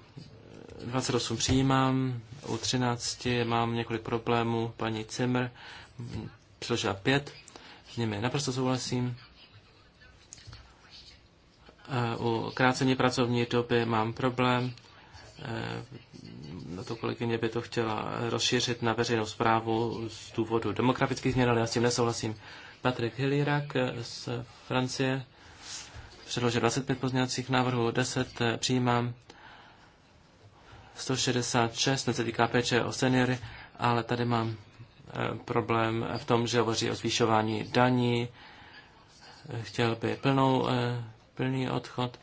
Speaker 2: 28 přijímám, u 13 mám několik problémů, paní Cimr přiložila 5, s nimi naprosto souhlasím. E, u krácení pracovní doby mám problém, e, na to kolegyně by to chtěla rozšířit na veřejnou zprávu z důvodu demografických změn, ale já s tím nesouhlasím. Patrik Hilírak z Francie předložil 25 pozměňovacích návrhů, 10 e, přijímám, 166, ten se týká péče o seniory, ale tady mám eh, problém v tom, že hovoří o zvýšování daní, eh, chtěl by plnou, eh, plný odchod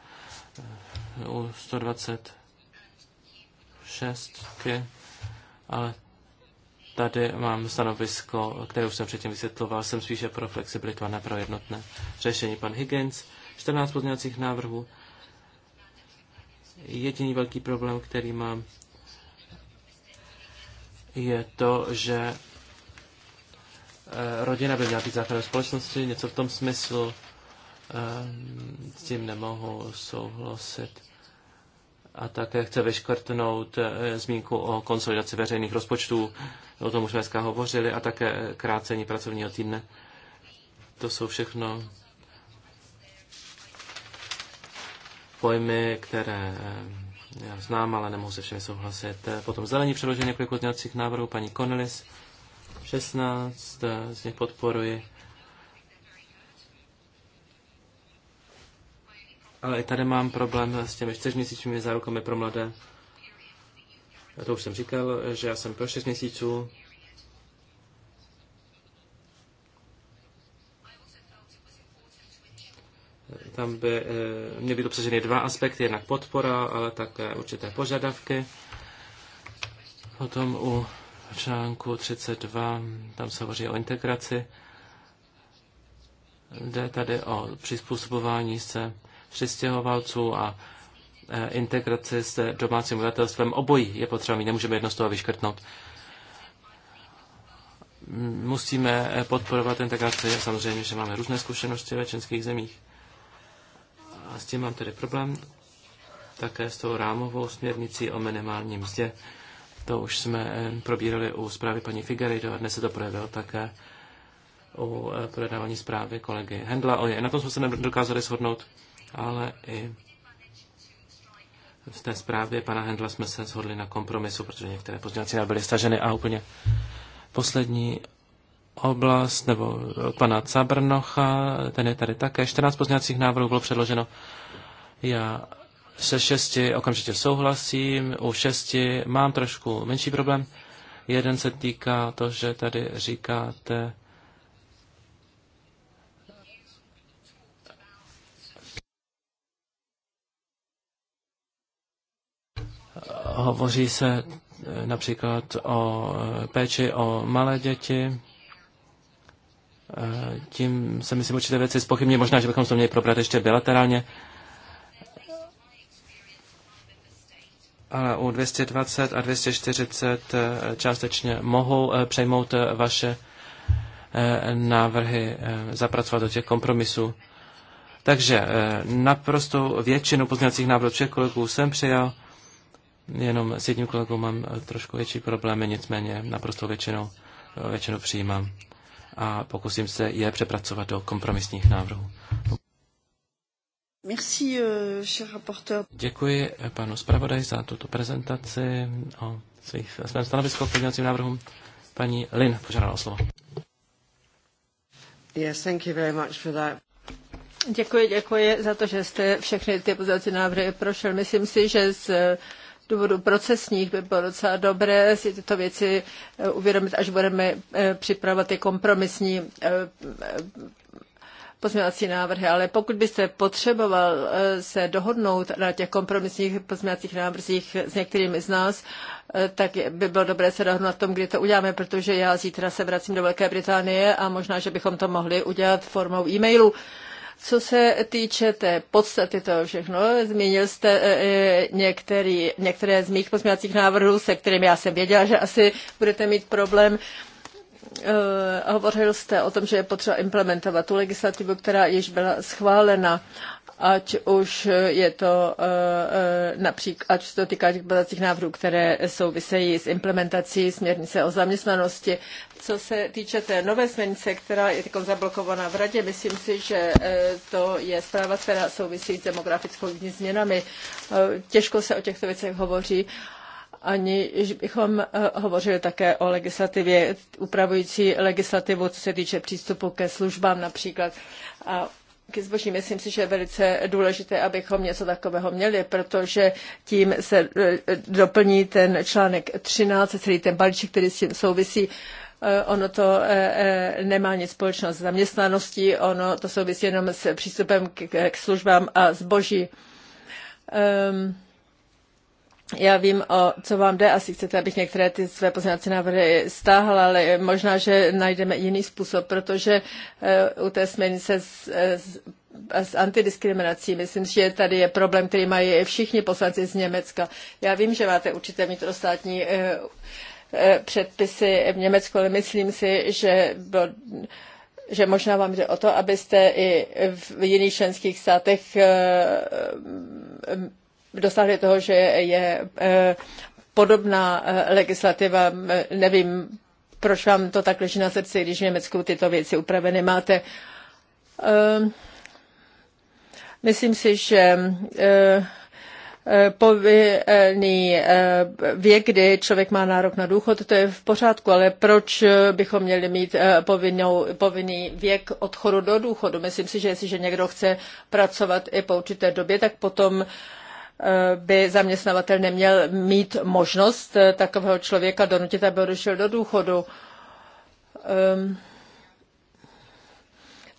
Speaker 2: u 126, ale tady mám stanovisko, které už jsem předtím vysvětloval, jsem spíše pro flexibilitu a ne pro jednotné řešení. Pan Higgins, 14 pozměňovacích návrhů, Jediný velký problém, který mám, je to, že eh, rodina by měla být základem společnosti, něco v tom smyslu, eh, s tím nemohu souhlasit. A také chce vyškrtnout eh, zmínku o konsolidaci veřejných rozpočtů, o tom už jsme dneska hovořili, a také krácení pracovního týdne. To jsou všechno pojmy, které eh, já znám, ale nemohu se všemi souhlasit. Eh, potom zelení předložení několik pozměňovacích návrhů, paní Konelis 16, eh, z nich podporuji. Ale i tady mám problém s těmi čtyřměsíčními zárukami pro mladé. Já to už jsem říkal, že já jsem pro 6 měsíců, tam by eh, měly být obsaženy dva aspekty, jednak podpora, ale také určité požadavky. Potom u článku 32, tam se hovoří o integraci. Jde tady o přizpůsobování se přistěhovalců a eh, integraci s domácím obyvatelstvem. Obojí je potřeba mít, nemůžeme jedno z toho vyškrtnout. Musíme eh, podporovat integraci, samozřejmě, že máme různé zkušenosti ve členských zemích. A s tím mám tedy problém. Také s tou rámovou směrnicí o minimální mzdě. To už jsme eh, probírali u zprávy paní Figueredo. a dnes se to projevilo také u eh, projednávání zprávy kolegy Hendla. O je. Na tom jsme se nedokázali shodnout, ale i v té zprávě pana Hendla jsme se shodli na kompromisu, protože některé pozdělací byly staženy a úplně poslední oblast, nebo od e, pana Cabrnocha, ten je tady také. 14 pozměňovacích návrhů bylo předloženo. Já se šesti okamžitě souhlasím, u šesti mám trošku menší problém. Jeden se týká to, že tady říkáte, hovoří se e, například o e, péči o malé děti, tím se myslím určité věci zpochybně. Možná, že bychom to měli probrat ještě bilaterálně. Ale u 220 a 240 eh, částečně mohou eh, přejmout eh, vaše návrhy, zapracovat do těch kompromisů. Takže naprosto většinu pozměňovacích návrhů všech kolegů jsem přijal, jenom s jedním kolegou mám trošku větší problémy, nicméně naprosto většinou, většinu přijímám a pokusím se je přepracovat do kompromisních návrhů.
Speaker 1: Merci, euh,
Speaker 2: Děkuji eh, panu zpravodaji za tuto prezentaci o svých, svém stanovisku k pozměňovacím návrhům. Paní Lin požádala o slovo.
Speaker 1: Yes, thank you very much for that. Děkuji, děkuji za to, že jste všechny ty pozměňovací návrhy prošel. Myslím si, že z důvodů procesních by bylo docela dobré si tyto věci eh, uvědomit, až budeme eh, připravovat ty kompromisní eh, pozměňovací návrhy, ale pokud byste potřeboval se dohodnout na těch kompromisních pozměňovacích návrzích s některými z nás, tak by bylo dobré se dohodnout v tom, kdy to uděláme, protože já zítra se vracím do Velké Británie a možná, že bychom to mohli udělat formou e-mailu. Co se týče té podstaty toho všechno, zmínil jste e, e, některý, některé z mých pozměňovacích návrhů, se kterými já jsem věděla, že asi budete mít problém. E, hovořil jste o tom, že je potřeba implementovat tu legislativu, která již byla schválena ať už je to eh, eh, například, ať se to týká těch bazacích návrhů, které souvisejí s implementací směrnice o zaměstnanosti. Co se týče té nové směrnice, která je teď zablokovaná v radě, myslím si, že eh, to je zpráva, která souvisí s demografickými změnami. Těžko se o těchto věcech hovoří ani bychom hovořili také o legislativě upravující legislativu, co se týče přístupu ke službám například. A ke zboží, myslím si, že je velice důležité, abychom něco takového měli, protože tím se eh, doplní ten článek 13, celý ten balíček, který s tím souvisí. Eh, ono to eh, nemá nic společného s zaměstnaností, ono to souvisí jenom s přístupem k službám a zboží. Um, já vím, o co vám jde, asi chcete, abych některé ty své pozměňovací návrhy stáhl, ale možná, že najdeme jiný způsob, protože eh, u té směrnice s, s, s antidiskriminací, myslím, že tady je problém, který mají všichni poslanci z Německa. Já vím, že máte určité vnitrostátní eh, eh, předpisy v Německu, ale myslím si, že bylo že možná vám jde o to, abyste i v jiných členských státech dosáhli toho, že je eh, podobná eh, legislativa, nevím, proč vám to tak leží na srdci, když v Německu tyto věci upraveny máte. Ehm, myslím si, že eh, povinný věk, kdy člověk má nárok na důchod, to je v pořádku, ale proč bychom měli mít povinnou, povinný věk odchodu do důchodu? Myslím si, že jestliže někdo chce pracovat i po určité době, tak potom uh, Eh, by zaměstnavatel neměl mít možnost eh, takového člověka donutit, aby odešel do důchodu. Ehm,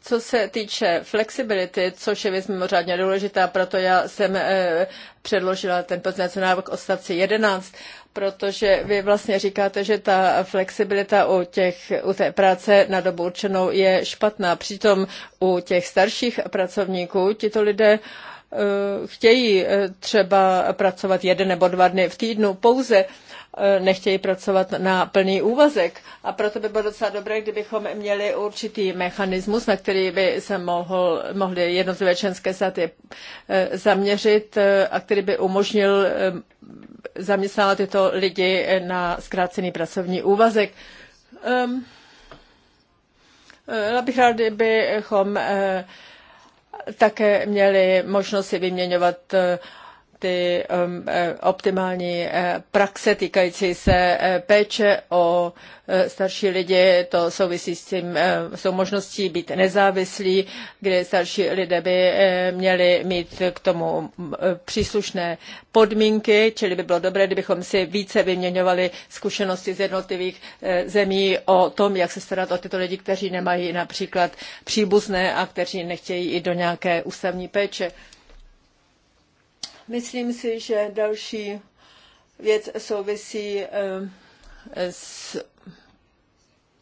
Speaker 1: co se týče flexibility, což je věc mimořádně důležitá, proto já jsem eh, předložila ten poznací návrh odstavci 11, protože vy vlastně říkáte, že ta flexibilita u, těch, u té práce na dobu určenou je špatná. Přitom u těch starších pracovníků tito lidé uh, Eh, chtějí eh, třeba pracovat jeden nebo dva dny v týdnu pouze, eh, nechtějí pracovat na plný úvazek. A proto by bylo docela dobré, kdybychom měli určitý mechanismus, na který by se mohl, mohly jednotlivé členské státy zaměřit a který by umožnil zaměstnávat tyto lidi na zkrácený pracovní úvazek. Ehm, já bych rád, kdybychom také měli možnost si vyměňovat eh, ty um, eh, optimální eh, praxe týkající se eh, péče o starší lidi, to souvisí s tím, jsou možností být nezávislí, kde starší lidé by měli mít k tomu mm, příslušné podmínky, čili by bylo dobré, kdybychom si více vyměňovali zkušenosti z jednotlivých zemí o tom, jak se starat o tyto lidi, kteří nemají například příbuzné a kteří nechtějí i do nějaké ústavní péče. Myslím si, že další věc souvisí eh, s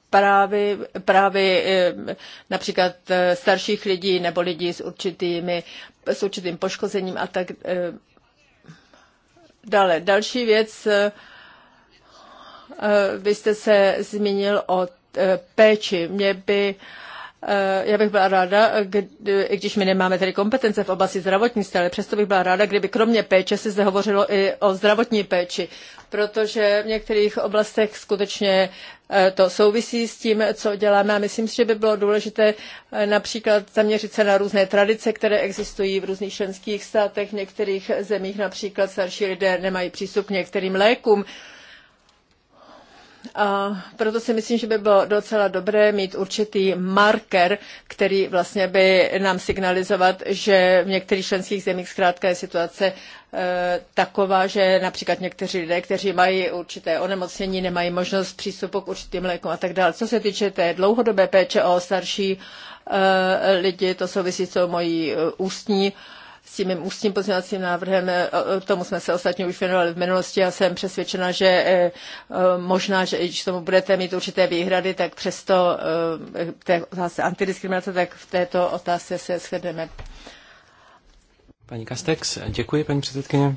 Speaker 1: právě, právě eh, například eh, starších lidí nebo lidí s, určitými, s určitým poškozením a tak dále. Další věc, vy jste se zmínil o péči. Mě by Eh, já bych byla ráda, kdy, i když my nemáme tedy kompetence v oblasti zdravotnictví, ale přesto bych byla ráda, kdyby kromě péče se zde hovořilo i o zdravotní péči, protože v některých oblastech skutečně eh, to souvisí s tím, co děláme a myslím si, že by bylo důležité eh, například zaměřit se na různé tradice, které existují v různých členských státech, v některých zemích například starší lidé nemají přístup k některým lékům a proto si myslím, že by bylo docela dobré mít určitý marker, který vlastně by nám signalizovat, že v některých členských zemích zkrátka je situace e, taková, že například někteří lidé, kteří mají určité onemocnění, nemají možnost přístupu k určitým lékům a tak dále. Co se týče té dlouhodobé péče o starší e, lidi, to souvisí s tou mojí e, ústní uh, s tím ústním pozměňovacím návrhem, e, tomu jsme se ostatně už věnovali v minulosti a jsem přesvědčena, že e, e, možná, že i když tomu budete mít určité výhrady, tak přesto té otázce antidiskriminace, tak v této otázce se shledeme.
Speaker 2: Paní Kastex, děkuji, paní předsedkyně.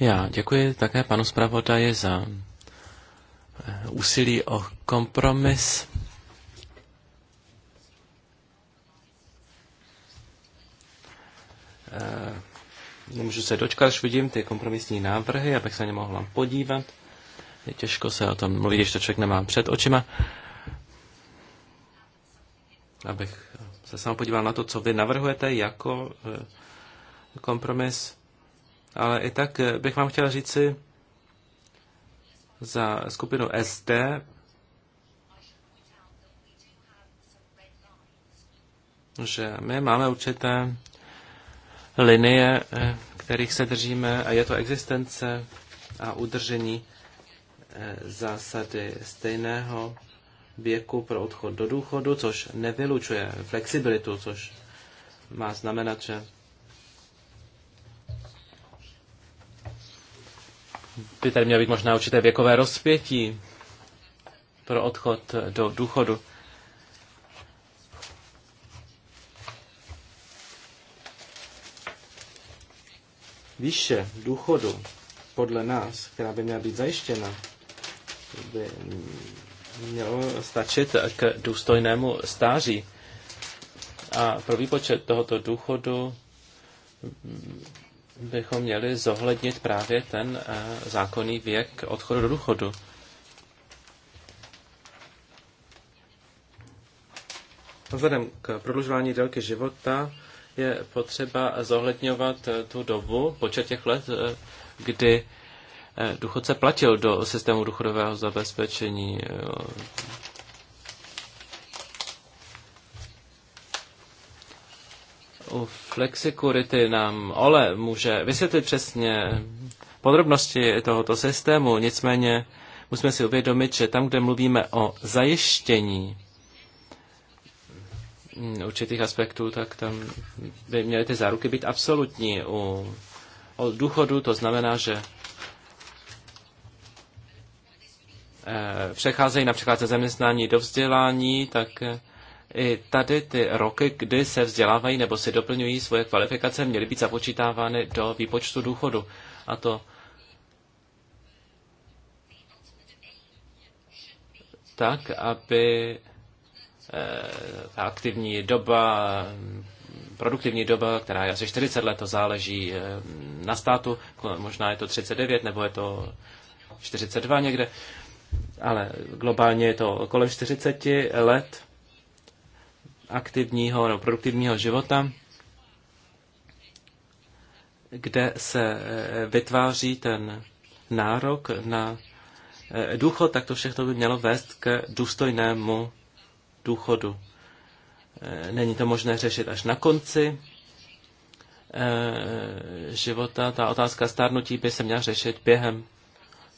Speaker 2: Já děkuji také panu zpravodaji za úsilí o kompromis. Eh, nemůžu se dočkat, až vidím ty kompromisní návrhy, abych se na ně vám podívat. Je těžko se o tom mluvit, když to člověk nemá před očima. Abych se sám podíval na to, co vy navrhujete jako eh, kompromis. Ale i tak eh, bych vám chtěl říci za skupinu SD, že my máme určité linie, eh, kterých se držíme, a je to existence a udržení eh, zásady stejného věku pro odchod do důchodu, což nevylučuje flexibilitu, což má znamenat, že by tady mělo být možná určité věkové rozpětí pro odchod do důchodu. výše důchodu podle nás, která by měla být zajištěna, by mělo stačit k důstojnému stáří. A pro výpočet tohoto důchodu bychom měli zohlednit právě ten eh, zákonný věk odchodu do důchodu. Vzhledem k prodlužování délky života je potřeba zohledňovat eh, tu dobu, počet těch let, eh, kdy eh, důchodce platil do systému důchodového zabezpečení. U Flexicurity nám Ole může vysvětlit přesně podrobnosti tohoto systému, nicméně musíme si uvědomit, že tam, kde mluvíme o zajištění určitých aspektů, tak tam by měly ty záruky být absolutní. U, u důchodu to znamená, že eh, přecházejí například ze zaměstnání do vzdělání, tak eh, i tady ty roky, kdy se vzdělávají nebo si doplňují svoje kvalifikace, měly být započítávány do výpočtu důchodu. A to tak, aby Eh, ta aktivní doba, produktivní doba, která je asi 40 let, to záleží eh, na státu, možná je to 39 nebo je to 42 někde, ale globálně je to kolem 40 let aktivního nebo produktivního života, kde se eh, vytváří ten nárok na důchod, tak to všechno by mělo vést k důstojnému důchodu. Eh, není to možné řešit až na konci eh, života. Ta otázka stárnutí by se měla řešit během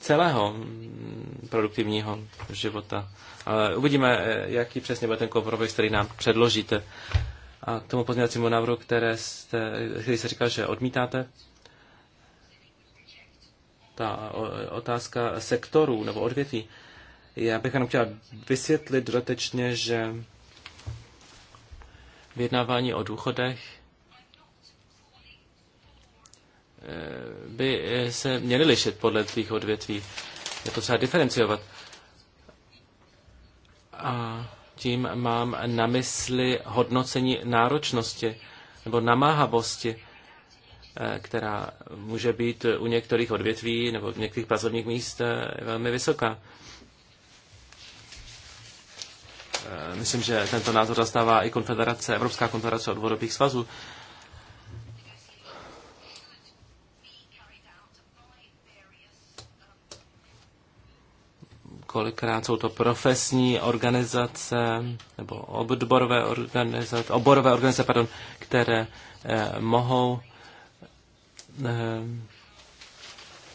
Speaker 2: celého mm, produktivního života. Ale uvidíme, eh, jaký přesně bude ten kompromis, který nám předložíte. A k tomu pozměňovacímu návrhu, které jste, který se říkal, že odmítáte, ta otázka sektorů nebo odvětví, já bych jenom chtěl vysvětlit dodatečně, že vyjednávání o důchodech eh, by se měly lišit podle tvých odvětví. Je to třeba diferenciovat. A tím mám na mysli hodnocení náročnosti nebo namáhavosti, eh, která může být u některých odvětví nebo u některých pracovních míst velmi vysoká. Eh, myslím, že tento názor zastává i konfederace, Evropská konfederace odvodových svazů. Kolikrát jsou to profesní organizace nebo odborové organizace, oborové organizace, pardon, které eh, mohou eh,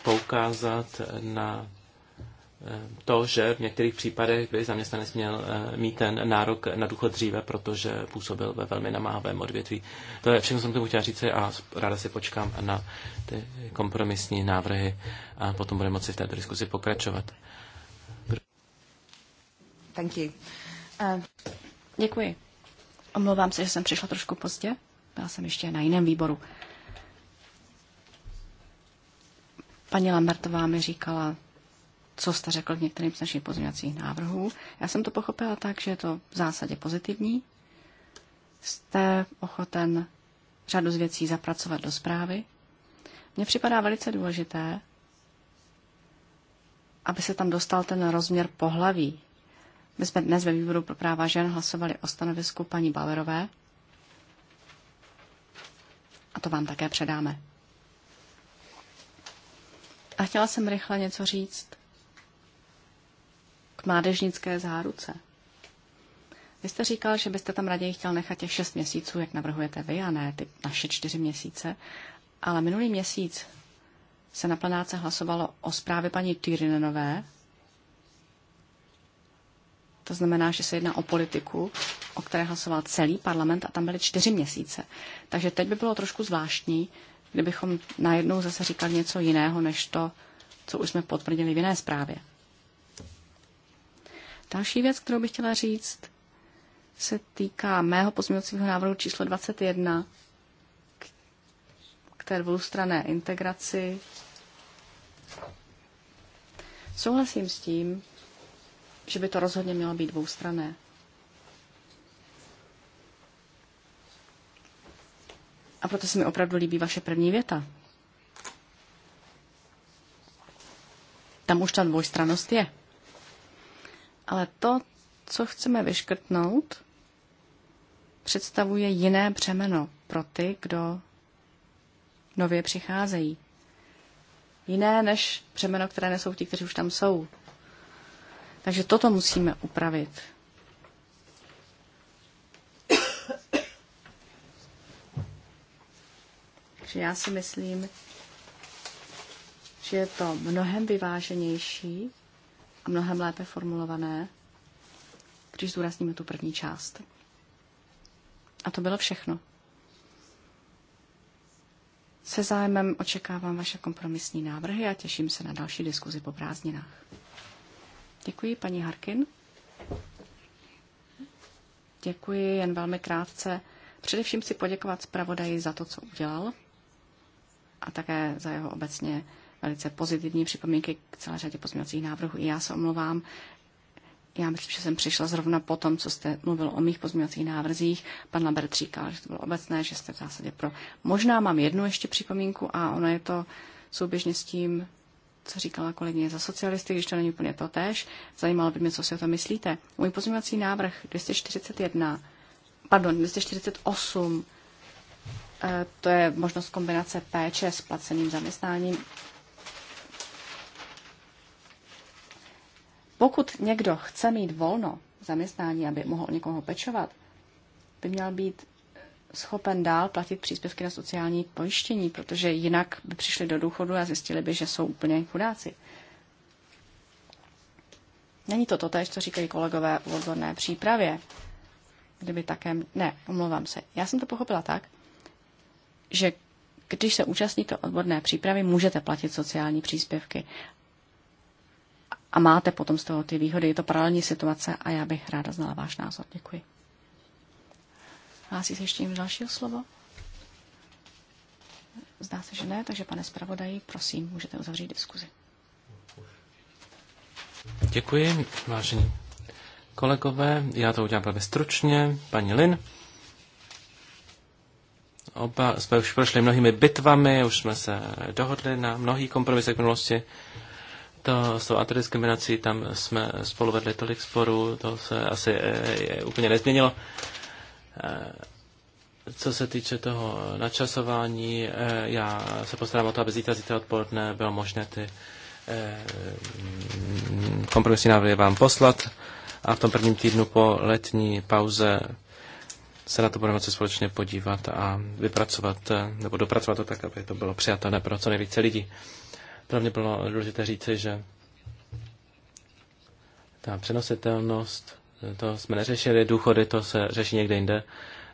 Speaker 2: poukázat na Eh, to, že v některých případech by zaměstnanec měl eh, mít ten nárok na důchod dříve, protože působil ve velmi namáhavém odvětví. To je všechno, co jsem tomu chtěl říct a ráda si počkám na ty kompromisní návrhy a potom budeme moci v této diskusi pokračovat.
Speaker 3: Thank you. Uh... Děkuji. Omlouvám se, že jsem přišla trošku pozdě. Byla jsem ještě na jiném výboru. Paní Lambertová mi říkala, co jste řekl k některým z našich pozměňovacích návrhů. Já jsem to pochopila tak, že je to v zásadě pozitivní. Jste ochoten řadu z věcí zapracovat do zprávy. Mně připadá velice důležité, aby se tam dostal ten rozměr pohlaví. My jsme dnes ve výboru pro práva žen hlasovali o stanovisku paní Bauerové a to vám také předáme. A chtěla jsem rychle něco říct k mládežnické záruce. Vy jste říkal, že byste tam raději chtěl nechat těch šest měsíců, jak navrhujete vy, a ne ty naše čtyři měsíce. Ale minulý měsíc se na plenáce hlasovalo o zprávě paní Tyrinenové. To znamená, že se jedná o politiku, o které hlasoval celý parlament a tam byly čtyři měsíce. Takže teď by bylo trošku zvláštní, kdybychom najednou zase říkali něco jiného, než to, co už jsme potvrdili v jiné zprávě. Další věc, kterou bych chtěla říct, se týká mého pozměňovacího návrhu číslo 21 k té dvoustrané integraci. Souhlasím s tím, že by to rozhodně mělo být dvoustrané. A proto se mi opravdu líbí vaše první věta. Tam už ta dvojstranost je. Ale to, co chceme vyškrtnout, představuje jiné břemeno pro ty, kdo nově přicházejí. Jiné než břemeno, které nesou ti, kteří už tam jsou. Takže toto musíme upravit. Takže já si myslím, že je to mnohem vyváženější a mnohem lépe formulované, když zdůrazníme tu první část. A to bylo všechno. Se zájmem očekávám vaše kompromisní návrhy a těším se na další diskuzi po prázdninách. Děkuji, paní Harkin. Děkuji jen velmi krátce. Především si poděkovat zpravodaji za to, co udělal a také za jeho obecně velice pozitivní připomínky k celé řadě pozměňovacích návrhů. I já se omlouvám, já myslím, že jsem přišla zrovna po tom, co jste mluvil o mých pozměňovacích návrzích. Pan Labert říkal, že to bylo obecné, že jste v zásadě pro. Možná mám jednu ještě připomínku a ono je to souběžně s tím, co říkala kolegyně za socialisty, když to není úplně to tež. Zajímalo by mě, co si o to myslíte. Můj pozměňovací návrh 241, pardon, 248, eh, to je možnost kombinace péče s placeným zaměstnáním. Pokud někdo chce mít volno zaměstnání, aby mohl někoho pečovat, by měl být schopen dál platit příspěvky na sociální pojištění, protože jinak by přišli do důchodu a zjistili by, že jsou úplně chudáci. Není to totéž, co říkají kolegové v odborné přípravě. Kdyby také... Ne, omlouvám se. Já jsem to pochopila tak, že když se účastníte odborné přípravy, můžete platit sociální příspěvky a máte potom z toho ty výhody. Je to paralelní situace a já bych ráda znala váš názor. Děkuji. Hlásí se ještě někdo dalšího slovo? Zdá se, že ne, takže pane zpravodaji, prosím, můžete uzavřít diskuzi.
Speaker 2: Děkuji, vážení kolegové. Já to udělám velmi stručně. Paní Lin. Oba jsme už prošli mnohými bitvami, už jsme se dohodli na mnohých kompromisech v minulosti. To s tou antidiskriminací, tam jsme spolu vedli tolik sporů, to se asi je, eh, je, úplně nezměnilo. Eh, co se týče toho načasování, eh, já se postarám o to, aby zítra, zítra odpoledne bylo možné ty kompromisní návrhy vám poslat a v tom prvním týdnu po letní pauze se na to budeme moci společně podívat a vypracovat nebo dopracovat to tak, aby to bylo přijatelné pro co nejvíce lidí. Pro mě bylo důležité říci, že ta přenositelnost, to jsme neřešili, důchody, to se řeší někde jinde,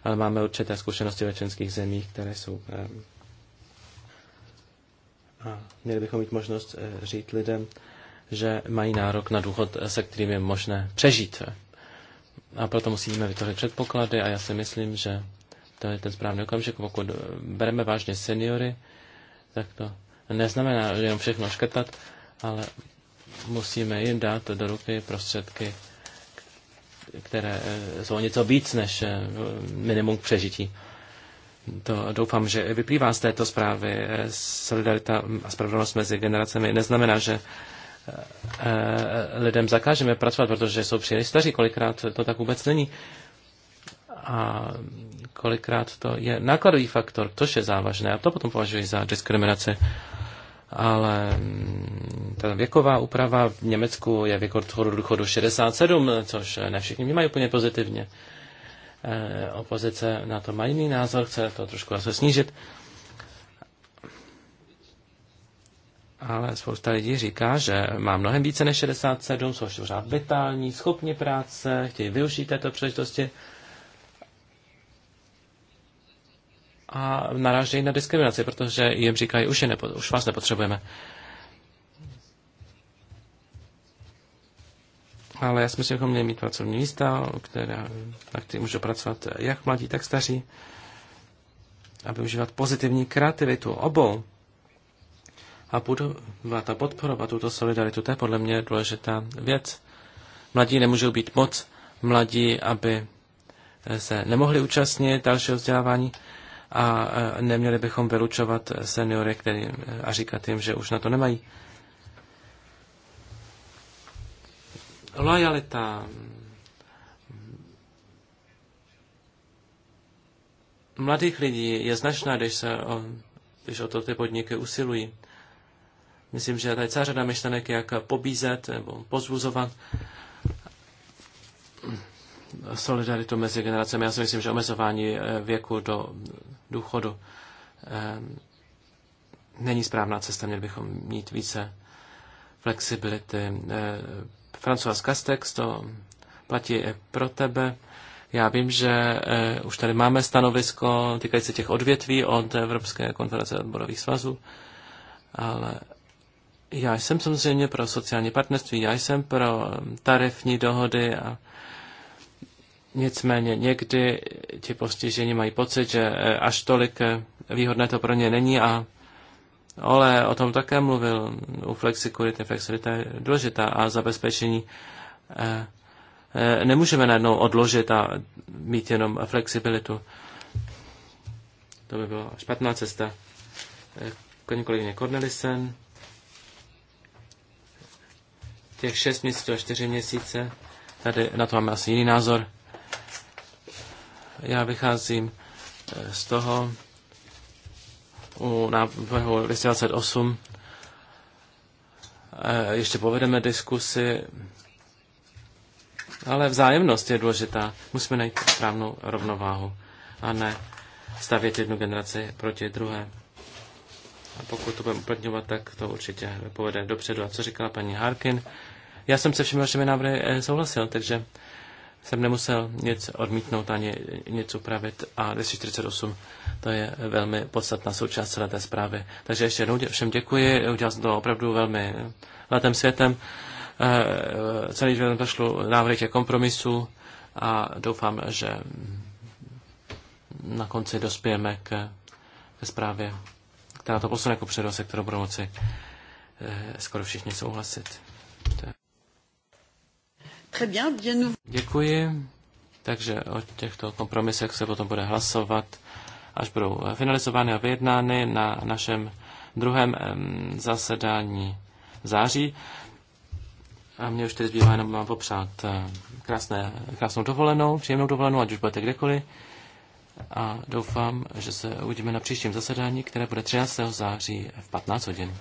Speaker 2: ale máme určité zkušenosti ve členských zemích, které jsou. Eh, a měli bychom mít možnost eh, říct lidem, že mají nárok na důchod, eh, se kterým je možné přežít. A proto musíme vytvořit předpoklady a já si myslím, že to je ten správný okamžik. Pokud bereme vážně seniory, tak to neznamená jenom všechno škrtat, ale musíme jim dát do ruky prostředky, které eh, jsou něco víc než eh, minimum k přežití. To doufám, že vyplývá z této zprávy. Eh, solidarita a spravedlnost mezi generacemi neznamená, že lidem zakážeme pracovat, protože jsou příliš staří. Kolikrát to tak vůbec není. A kolikrát to je nákladový faktor, což je závažné. A to potom považuji za diskriminaci ale mm, ta věková úprava v Německu je věk odchodu důchodu 67, což ne všichni vnímají úplně pozitivně. E, opozice na to má jiný názor, chce to trošku zase snížit. Ale spousta lidí říká, že má mnohem více než 67, jsou ještě pořád vitální, schopni práce, chtějí využít této příležitosti. a narážejí na diskriminaci, protože jim říkají, už, je nepo, už vás nepotřebujeme. Ale já si myslím, že bychom měli mít pracovní místa, která, na které můžou pracovat jak mladí, tak staří a využívat pozitivní kreativitu obou a budovat a podporovat tuto solidaritu. To je podle mě důležitá věc. Mladí nemůžou být moc mladí, aby se nemohli účastnit dalšího vzdělávání, a e, neměli bychom vylučovat seniory který, e, a říkat jim, že už na to nemají. Lojalita. Mladých lidí je značná, když, se o, když o to ty podniky usilují. Myslím, že tady celá řada myšlenek, jak pobízet nebo pozbuzovat solidaritu mezi generacemi. Já si myslím, že omezování eh, věku do důchodu eh, není správná cesta. Měli bychom mít více flexibility. Eh, François Castex, to platí i pro tebe. Já vím, že už tady máme stanovisko týkající těch odvětví od Evropské konference odborových svazů, ale já jsem samozřejmě pro sociální partnerství, já jsem pro tarifní dohody a Nicméně někdy ti postižení mají pocit, že eh, až tolik eh, výhodné to pro ně není a ale o tom také mluvil u flexikurity. Flexibilita je důležitá a zabezpečení eh, nemůžeme najednou odložit a mít jenom flexibilitu. To by byla špatná cesta. Koní kolegyně Cornelisen. Těch šest měsíců a čtyři měsíce. Tady na to máme asi jiný názor. Já vycházím eh, z toho u návrhu 28. Eh, ještě povedeme diskusy, ale vzájemnost je důležitá. Musíme najít správnou rovnováhu a ne stavět jednu generaci proti druhé. A pokud to budeme uplatňovat, tak to určitě povede dopředu. A co říkala paní Harkin? Já jsem se všemi vašimi návrhy eh, souhlasil, takže jsem nemusel nic odmítnout ani nic upravit a 248 to je velmi podstatná součást celé té zprávy. Takže ještě jednou všem děkuji, udělal jsem to opravdu velmi letem světem. Eh, celý den došlo návrhy těch kompromisů a doufám, že na konci dospějeme k, ke zprávě, která to posune jako se kterou budou moci eh, skoro všichni souhlasit. Děkuji. Takže o těchto kompromisech se potom bude hlasovat, až budou finalizovány a vyjednány na našem druhém zasedání v září. A mě už tedy zbývá jenom vám popřát eh, krásné, krásnou dovolenou, příjemnou dovolenou, ať už budete kdekoliv. A doufám, že se uvidíme na příštím zasedání, které bude 13. září v 15 hodin.